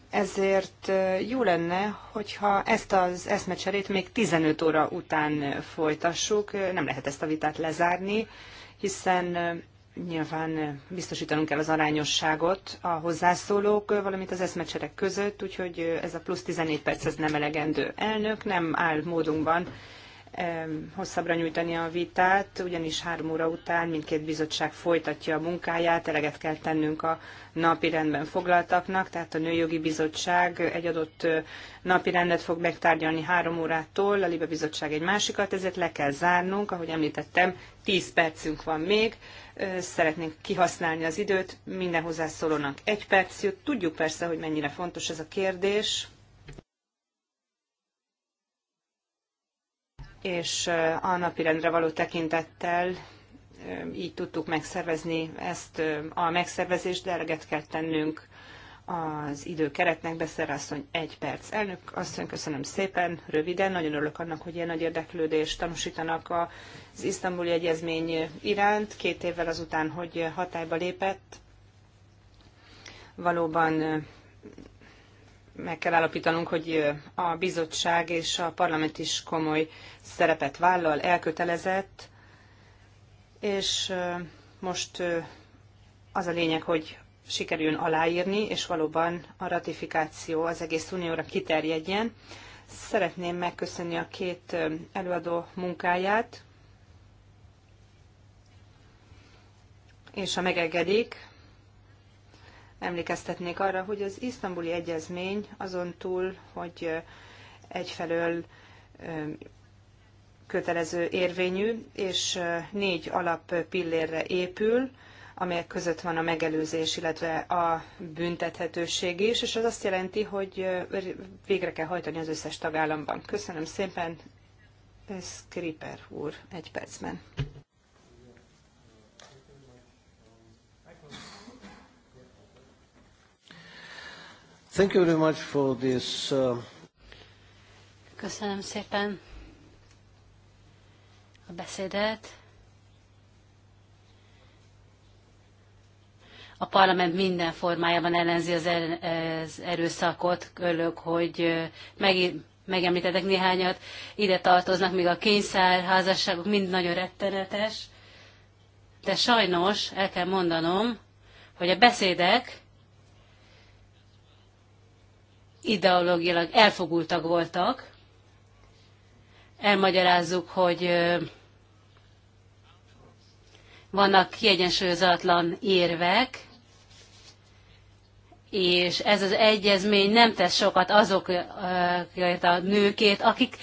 Ezért jó lenne, hogyha ezt az eszmecserét még 15 óra után folytassuk. Nem lehet ezt a vitát lezárni, hiszen nyilván biztosítanunk kell az arányosságot a hozzászólók, valamint az eszmecserek között, úgyhogy ez a plusz 14 perc ez nem elegendő elnök, nem áll módunkban hosszabbra nyújtani a vitát, ugyanis három óra után mindkét bizottság folytatja a munkáját, eleget kell tennünk a napi rendben foglaltaknak, tehát a Nőjogi Bizottság egy adott napi rendet fog megtárgyalni három órától, a Libe Bizottság egy másikat, ezért le kell zárnunk, ahogy említettem, tíz percünk van még, szeretnénk kihasználni az időt, minden hozzászólónak egy perc jut, tudjuk persze, hogy mennyire fontos ez a kérdés, és a napirendre való tekintettel így tudtuk megszervezni ezt a megszervezést, de eleget kell tennünk az időkeretnek. Beszerrasszony egy perc. Elnök asszony, köszönöm szépen, röviden. Nagyon örülök annak, hogy ilyen nagy érdeklődést tanúsítanak az isztambuli egyezmény iránt. Két évvel azután, hogy hatályba lépett, valóban meg kell állapítanunk, hogy a bizottság és a parlament is komoly szerepet vállal, elkötelezett, és most az a lényeg, hogy sikerüljön aláírni, és valóban a ratifikáció az egész unióra kiterjedjen. Szeretném megköszönni a két előadó munkáját, és ha megengedik, emlékeztetnék arra, hogy az isztambuli egyezmény azon túl, hogy egyfelől kötelező érvényű, és négy alap pillérre épül, amelyek között van a megelőzés, illetve a büntethetőség is, és az azt jelenti, hogy végre kell hajtani az összes tagállamban. Köszönöm szépen, Skriper úr, egy percben. Thank you very much for this, uh, Köszönöm szépen a beszédet. A parlament minden formájában ellenzi az, er, az erőszakot. Örülök, hogy meg, megemlítetek néhányat. Ide tartoznak még a kényszer, házasságok, mind nagyon rettenetes. De sajnos el kell mondanom, hogy a beszédek ideológilag elfogultak voltak. Elmagyarázzuk, hogy vannak kiegyensúlyozatlan érvek, és ez az egyezmény nem tesz sokat azokért a nőkét, akik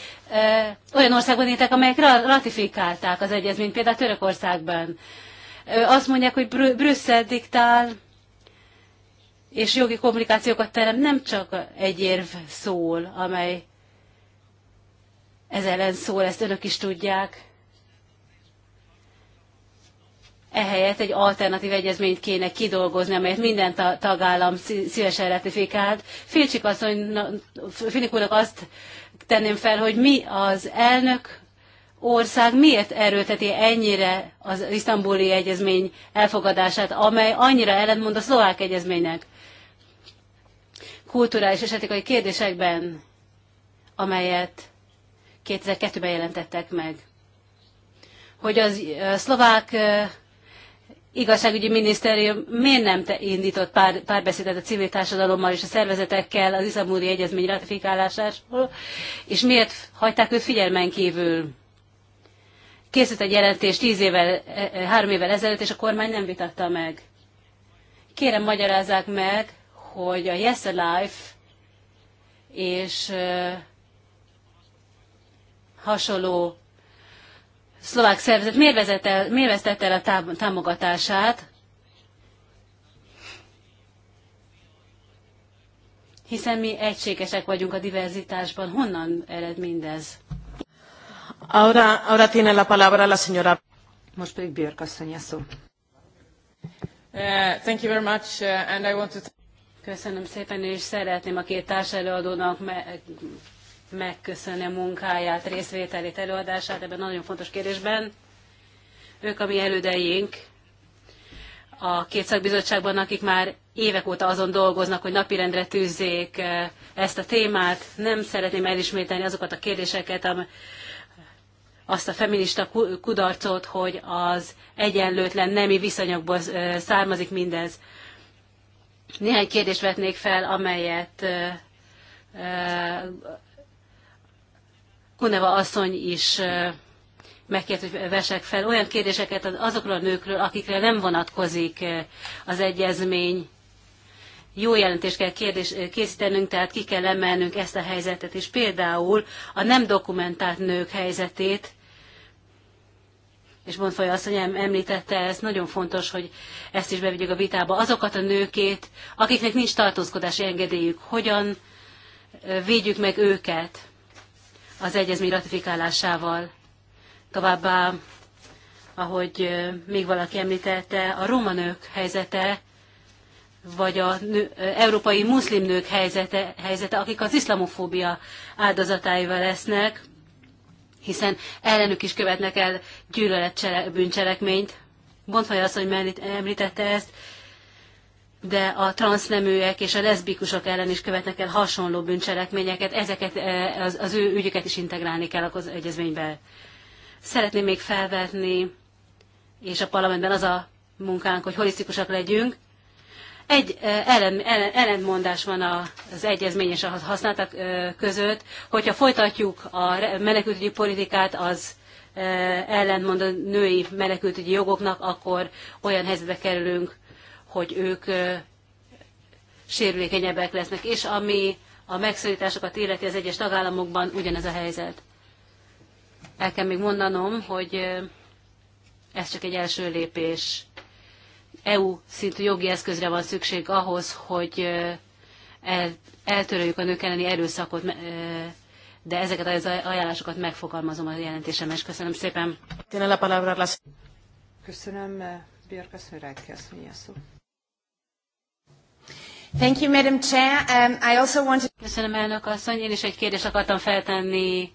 olyan országban éltek, amelyek ratifikálták az egyezményt, például Törökországban. Azt mondják, hogy Brüsszel diktál, és jogi kommunikációkat terem, nem csak egy érv szól, amely ez ellen szól, ezt önök is tudják. Ehelyett egy alternatív egyezményt kéne kidolgozni, amelyet minden tagállam szívesen ratifikált. Félcsik asszony, azt tenném fel, hogy mi az elnök ország miért erőlteti ennyire az isztambuli egyezmény elfogadását, amely annyira ellentmond a szlovák egyezménynek kulturális és etikai kérdésekben, amelyet 2002-ben jelentettek meg. Hogy az szlovák igazságügyi minisztérium miért nem te indított pár, párbeszédet a civil társadalommal és a szervezetekkel az iszamúri egyezmény ratifikálásáról, és miért hagyták őt figyelmen kívül? Készült egy jelentés tíz évvel, e, e, három évvel ezelőtt, és a kormány nem vitatta meg. Kérem, magyarázzák meg, hogy a Yes Alive és hasonló szlovák szervezet miért, el, miért vesztette el a támogatását, hiszen mi egységesek vagyunk a diverzitásban. Honnan ered mindez? Ahora, ahora tiene la palabra la señora. Most pedig Björk asszony a szó. Uh, thank you very much, uh, and I want to... Köszönöm szépen, és szeretném a két társelőadónak me- megköszönni a munkáját, részvételét, előadását ebben nagyon fontos kérdésben. Ők a mi elődeink a két szakbizottságban, akik már évek óta azon dolgoznak, hogy napirendre tűzzék eh, ezt a témát. Nem szeretném elismételni azokat a kérdéseket, am- azt a feminista kudarcot, hogy az egyenlőtlen nemi viszonyokból eh, származik mindez néhány kérdést vetnék fel, amelyet Kuneva asszony is megkért, hogy vesek fel olyan kérdéseket azokról a nőkről, akikre nem vonatkozik az egyezmény. Jó jelentést kell kérdés, készítenünk, tehát ki kell emelnünk ezt a helyzetet, és például a nem dokumentált nők helyzetét, és Bonfoly asszony említette, ez nagyon fontos, hogy ezt is bevigyük a vitába. Azokat a nőkét, akiknek nincs tartózkodási engedélyük, hogyan védjük meg őket az egyezmény ratifikálásával. Továbbá, ahogy még valaki említette, a roma nők helyzete, vagy a nő, európai muszlim nők helyzete, helyzete, akik az iszlamofóbia áldozatáival lesznek, hiszen ellenük is követnek el gyűlölet bűncselekményt. Bontfaj az, hogy említette ezt, de a transzneműek és a leszbikusok ellen is követnek el hasonló bűncselekményeket, ezeket e, az, az ő ügyüket is integrálni kell az egyezménybe. Szeretném még felvetni, és a parlamentben az a munkánk, hogy holisztikusak legyünk, egy ellen, ellen, ellentmondás van az egyezmény és a használtak között. Hogyha folytatjuk a menekültügyi politikát, az ellentmond a női menekültügyi jogoknak, akkor olyan helyzetbe kerülünk, hogy ők sérülékenyebbek lesznek. És ami a megszorításokat illeti az egyes tagállamokban, ugyanez a helyzet. El kell még mondanom, hogy ez csak egy első lépés EU szintű jogi eszközre van szükség ahhoz, hogy eltöröljük a nők elleni erőszakot, de ezeket az ajánlásokat megfogalmazom a jelentésem, és köszönöm szépen. Köszönöm, eh, Björk, köszönöm, szó. Thank you, Madam Chair. Um, I also wanted... Köszönöm, elnök asszony. Én is egy kérdést akartam feltenni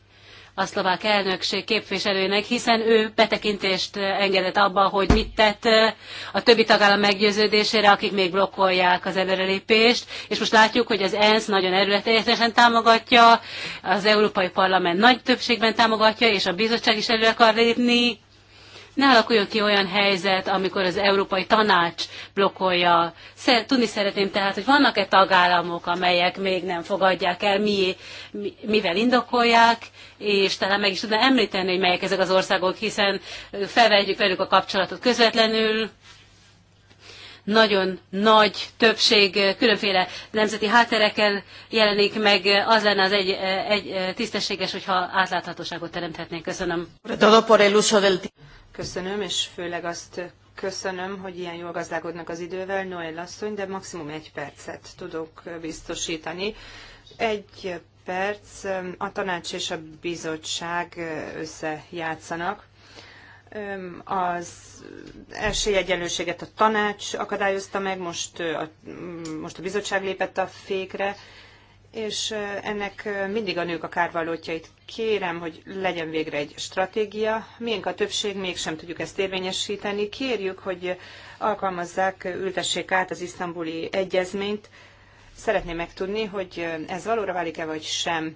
a szlovák elnökség képviselőnek, hiszen ő betekintést engedett abba, hogy mit tett a többi tagállam meggyőződésére, akik még blokkolják az előrelépést, és most látjuk, hogy az ENSZ nagyon erőteljesen támogatja, az Európai Parlament nagy többségben támogatja, és a bizottság is elő akar lépni, ne alakuljon ki olyan helyzet, amikor az Európai Tanács blokkolja. Tudni szeretném tehát, hogy vannak-e tagállamok, amelyek még nem fogadják el, mi, mivel indokolják, és talán meg is tudna említeni, hogy melyek ezek az országok, hiszen felvegyük velük a kapcsolatot közvetlenül, nagyon nagy többség különféle nemzeti hátterekkel jelenik meg, az lenne az egy, egy tisztességes, hogyha átláthatóságot teremthetnénk. Köszönöm. Köszönöm, és főleg azt köszönöm, hogy ilyen jól gazdálkodnak az idővel, Noel asszony, de maximum egy percet tudok biztosítani. Egy perc, a tanács és a bizottság összejátszanak. Az esélyegyenlőséget a tanács akadályozta meg, most a, most a bizottság lépett a fékre, és ennek mindig a nők a kárvalótjait. Kérem, hogy legyen végre egy stratégia. Miénk a többség, mégsem tudjuk ezt érvényesíteni. Kérjük, hogy alkalmazzák, ültessék át az isztambuli egyezményt. Szeretném megtudni, hogy ez valóra válik-e, vagy sem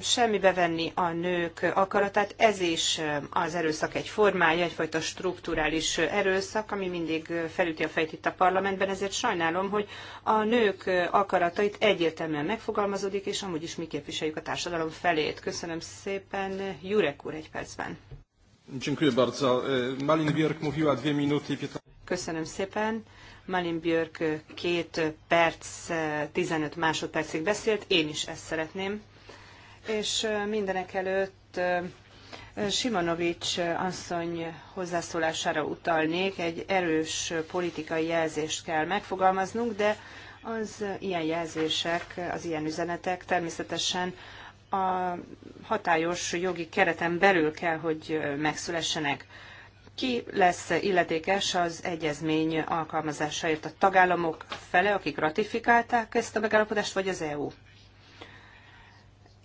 semmibe venni a nők akaratát, ez is az erőszak egy formája, egyfajta strukturális erőszak, ami mindig felüti a fejt itt a parlamentben, ezért sajnálom, hogy a nők akaratait egyértelműen megfogalmazódik, és amúgy is mi képviseljük a társadalom felét. Köszönöm szépen, Jurek úr egy percben. E, Köszönöm szépen. Malin Björk két perc, 15 másodpercig beszélt, én is ezt szeretném és mindenek előtt Simonovics asszony hozzászólására utalnék, egy erős politikai jelzést kell megfogalmaznunk, de az ilyen jelzések, az ilyen üzenetek természetesen a hatályos jogi kereten belül kell, hogy megszülessenek. Ki lesz illetékes az egyezmény alkalmazásáért? A tagállamok fele, akik ratifikálták ezt a megállapodást, vagy az EU?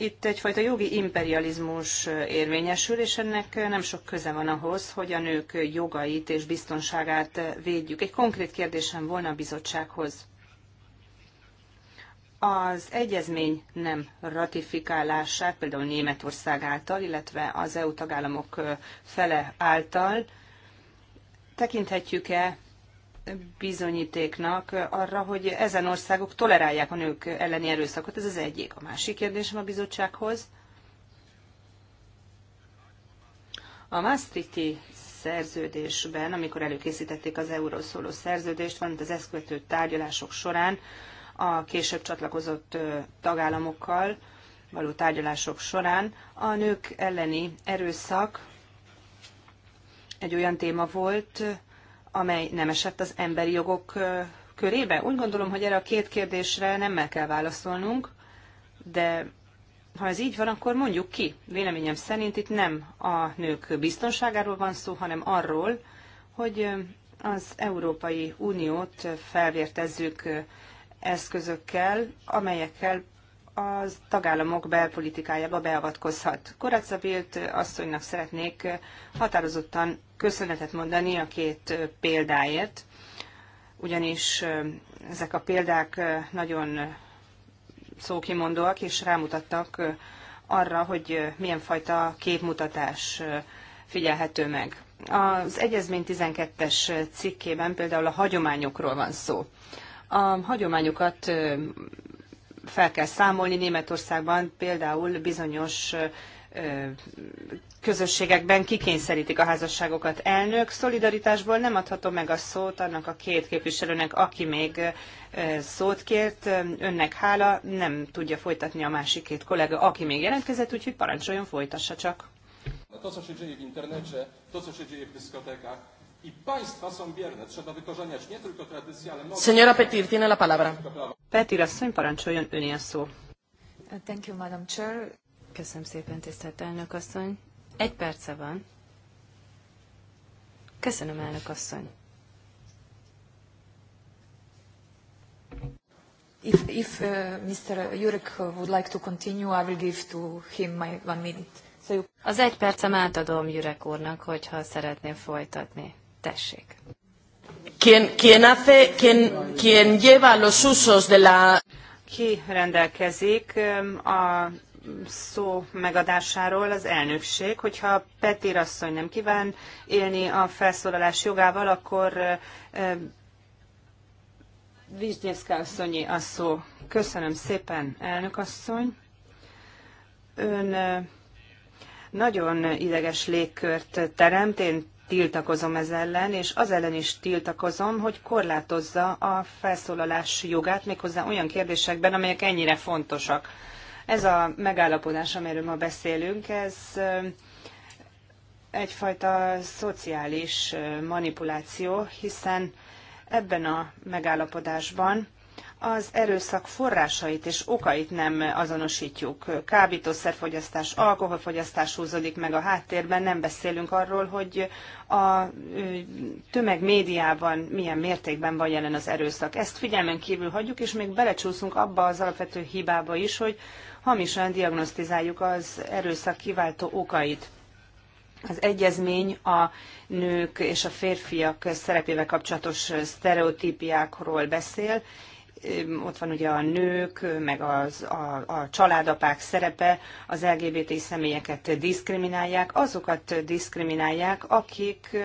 itt egyfajta jogi imperializmus érvényesül, és ennek nem sok köze van ahhoz, hogy a nők jogait és biztonságát védjük. Egy konkrét kérdésem volna a bizottsághoz. Az egyezmény nem ratifikálását például Németország által, illetve az EU tagállamok fele által tekinthetjük-e bizonyítéknak arra, hogy ezen országok tolerálják a nők elleni erőszakot. Ez az egyik. A másik kérdésem a bizottsághoz. A Maastrichti szerződésben, amikor előkészítették az euróról szóló szerződést, valamint az ezt követő tárgyalások során a később csatlakozott tagállamokkal való tárgyalások során a nők elleni erőszak egy olyan téma volt, amely nem esett az emberi jogok körébe? Úgy gondolom, hogy erre a két kérdésre meg kell válaszolnunk, de ha ez így van, akkor mondjuk ki. Véleményem szerint itt nem a nők biztonságáról van szó, hanem arról, hogy az Európai Uniót felvértezzük eszközökkel, amelyekkel a tagállamok belpolitikájába beavatkozhat. Koratza Bilt asszonynak szeretnék határozottan köszönetet mondani a két példáért, ugyanis ezek a példák nagyon szókimondóak, és rámutattak arra, hogy milyen fajta képmutatás figyelhető meg. Az egyezmény 12-es cikkében például a hagyományokról van szó. A hagyományokat fel kell számolni. Németországban például bizonyos közösségekben kikényszerítik a házasságokat. Elnök, szolidaritásból nem adhatom meg a szót annak a két képviselőnek, aki még szót kért. Önnek hála, nem tudja folytatni a másik két kollega, aki még jelentkezett, úgyhogy parancsoljon, folytassa csak. To, co się dzieje w internecie, to, co się dzieje w dyskotekach, Señora Petir, tiene la palabra. Petir asszony, parancsoljon ön szó. Uh, thank you, Madam Chair. Köszönöm szépen, tisztelt elnök asszony. Egy perce van. Köszönöm, elnök asszony. If, if uh, Mr. Jurek would like to continue, I will give to him my one minute. So you... Az egy percem átadom Jurek úrnak, hogyha szeretném folytatni. Tessék. Quien, quien hace, quien, quien lleva los usos de la... Ki rendelkezik a szó megadásáról az elnökség, hogyha Petir asszony nem kíván élni a felszólalás jogával, akkor Vizsnyevszka asszonyi a szó. Köszönöm szépen, elnök asszony. Ön nagyon ideges légkört teremt, én tiltakozom ez ellen, és az ellen is tiltakozom, hogy korlátozza a felszólalás jogát, méghozzá olyan kérdésekben, amelyek ennyire fontosak. Ez a megállapodás, amiről ma beszélünk, ez egyfajta szociális manipuláció, hiszen ebben a megállapodásban az erőszak forrásait és okait nem azonosítjuk. Kábítószerfogyasztás, alkoholfogyasztás húzódik meg a háttérben, nem beszélünk arról, hogy a tömegmédiában milyen mértékben van jelen az erőszak. Ezt figyelmen kívül hagyjuk, és még belecsúszunk abba az alapvető hibába is, hogy hamisan diagnosztizáljuk az erőszak kiváltó okait. Az egyezmény a nők és a férfiak szerepével kapcsolatos sztereotípiákról beszél, ott van ugye a nők, meg az, a, a családapák szerepe, az LGBT személyeket diszkriminálják, azokat diszkriminálják, akik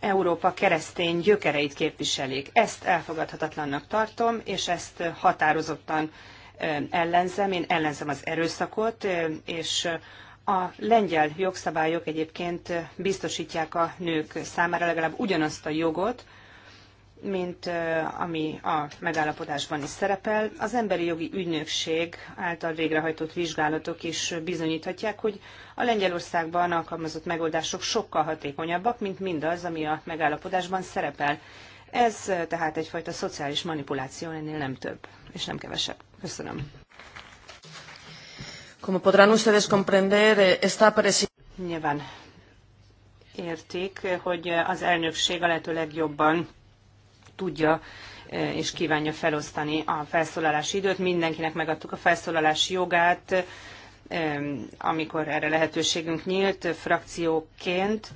Európa keresztény gyökereit képviselik. Ezt elfogadhatatlannak tartom, és ezt határozottan ellenzem. Én ellenzem az erőszakot, és a lengyel jogszabályok egyébként biztosítják a nők számára legalább ugyanazt a jogot, mint ami a megállapodásban is szerepel. Az emberi jogi ügynökség által végrehajtott vizsgálatok is bizonyíthatják, hogy a Lengyelországban alkalmazott megoldások sokkal hatékonyabbak, mint mindaz, ami a megállapodásban szerepel. Ez tehát egyfajta szociális manipuláció, ennél nem több és nem kevesebb. Köszönöm. Como podrán ustedes comprender, eh, esta Nyilván értik, hogy az elnökség a lehető legjobban tudja e, és kívánja felosztani a felszólalási időt. Mindenkinek megadtuk a felszólalási jogát, e, amikor erre lehetőségünk nyílt frakcióként.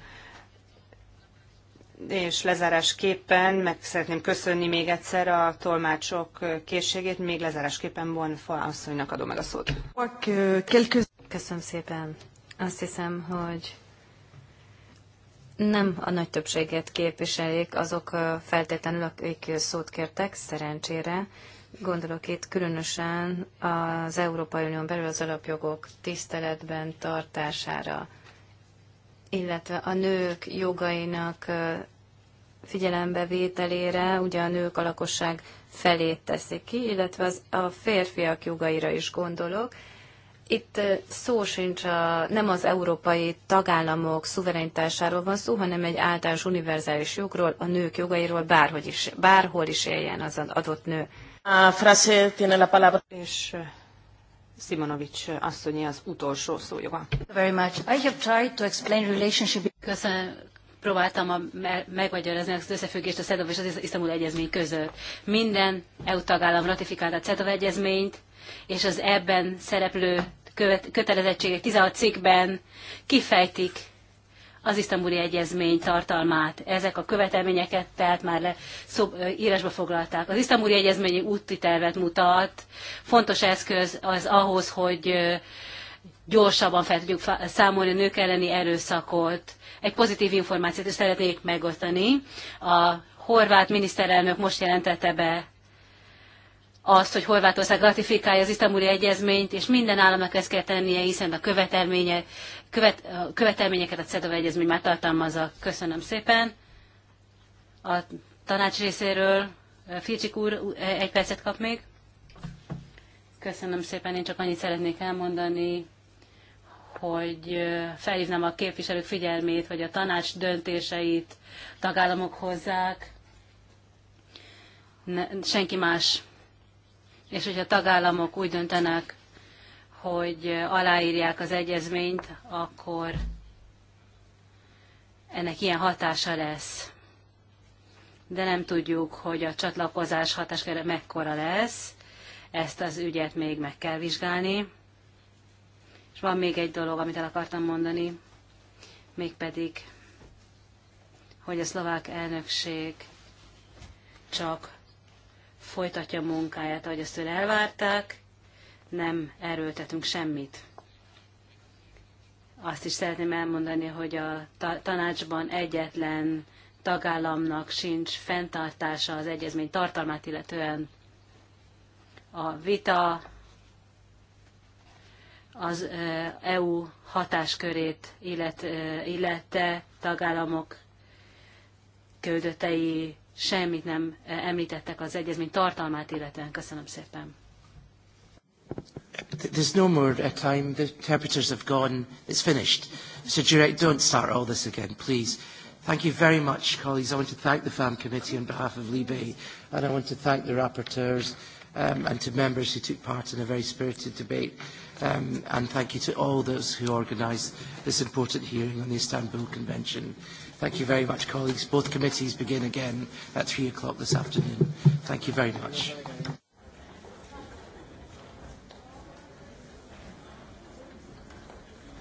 És lezárásképpen meg szeretném köszönni még egyszer a tolmácsok készségét, még lezárásképpen Bonfa asszonynak adom meg a szót. Köszönöm szépen. Azt hiszem, hogy nem a nagy többséget képviselik azok feltétlenül, akik szót kértek, szerencsére. Gondolok itt különösen az Európai Unión belül az alapjogok tiszteletben tartására, illetve a nők jogainak figyelembevételére, ugye a nők a lakosság felét teszik ki, illetve az, a férfiak jogaira is gondolok, itt szó sincs, a, nem az európai tagállamok szuverenitásáról van szó, hanem egy általános univerzális jogról, a nők jogairól, bárhogy is, bárhol is éljen az adott nő. A frase tiene la palabra. És Simonovics asszonyi az utolsó szójoga. Very much. I have tried to explain relationship. Köszönöm, próbáltam a, megmagyarázni az összefüggést a CEDAW és az Isztambul Egyezmény között. Minden EU tagállam ratifikálta a CEDAW Egyezményt, és az ebben szereplő követ, kötelezettségek 16 cikkben kifejtik az isztambuli egyezmény tartalmát. Ezek a követelményeket tehát már le szob, írásba foglalták. Az isztambuli egyezmény úti tervet mutat, fontos eszköz az ahhoz, hogy gyorsabban fel tudjuk számolni a nők elleni erőszakot. Egy pozitív információt is szeretnék megosztani. A horvát miniszterelnök most jelentette be azt, hogy Horvátország ratifikálja az isztambuli egyezményt, és minden államnak ezt kell tennie, hiszen a, követelménye, követ, a követelményeket a CEDAV egyezmény már tartalmazza. Köszönöm szépen. A tanács részéről eh, Filcsik úr eh, egy percet kap még. Köszönöm szépen, én csak annyit szeretnék elmondani, hogy eh, felhívnám a képviselők figyelmét, hogy a tanács döntéseit tagállamok hozzák, ne, senki más és hogyha tagállamok úgy döntenek, hogy aláírják az egyezményt, akkor ennek ilyen hatása lesz. De nem tudjuk, hogy a csatlakozás hatásköre mekkora lesz. Ezt az ügyet még meg kell vizsgálni. És van még egy dolog, amit el akartam mondani, mégpedig, hogy a szlovák elnökség csak folytatja a munkáját, ahogy ezt elvárták, nem erőltetünk semmit. Azt is szeretném elmondani, hogy a tanácsban egyetlen tagállamnak sincs fenntartása az egyezmény tartalmát illetően. A vita az EU hatáskörét illet, illette tagállamok küldöttei semmit nem eh, említettek az egyezmény tartalmát illetően. Köszönöm szépen. There's no more uh, time. The temperatures have gone. It's finished. So, Jurek, don't start all this again, please. Thank you very much, colleagues. I want to thank the FAM committee on behalf of Libe, and I want to thank the rapporteurs um, and to members who took part in a very spirited debate. Um, and thank you to all those who organised this important hearing on the Istanbul Convention. Thank you very much, colleagues. Both committees begin again at 3 o'clock this afternoon. Thank you very much.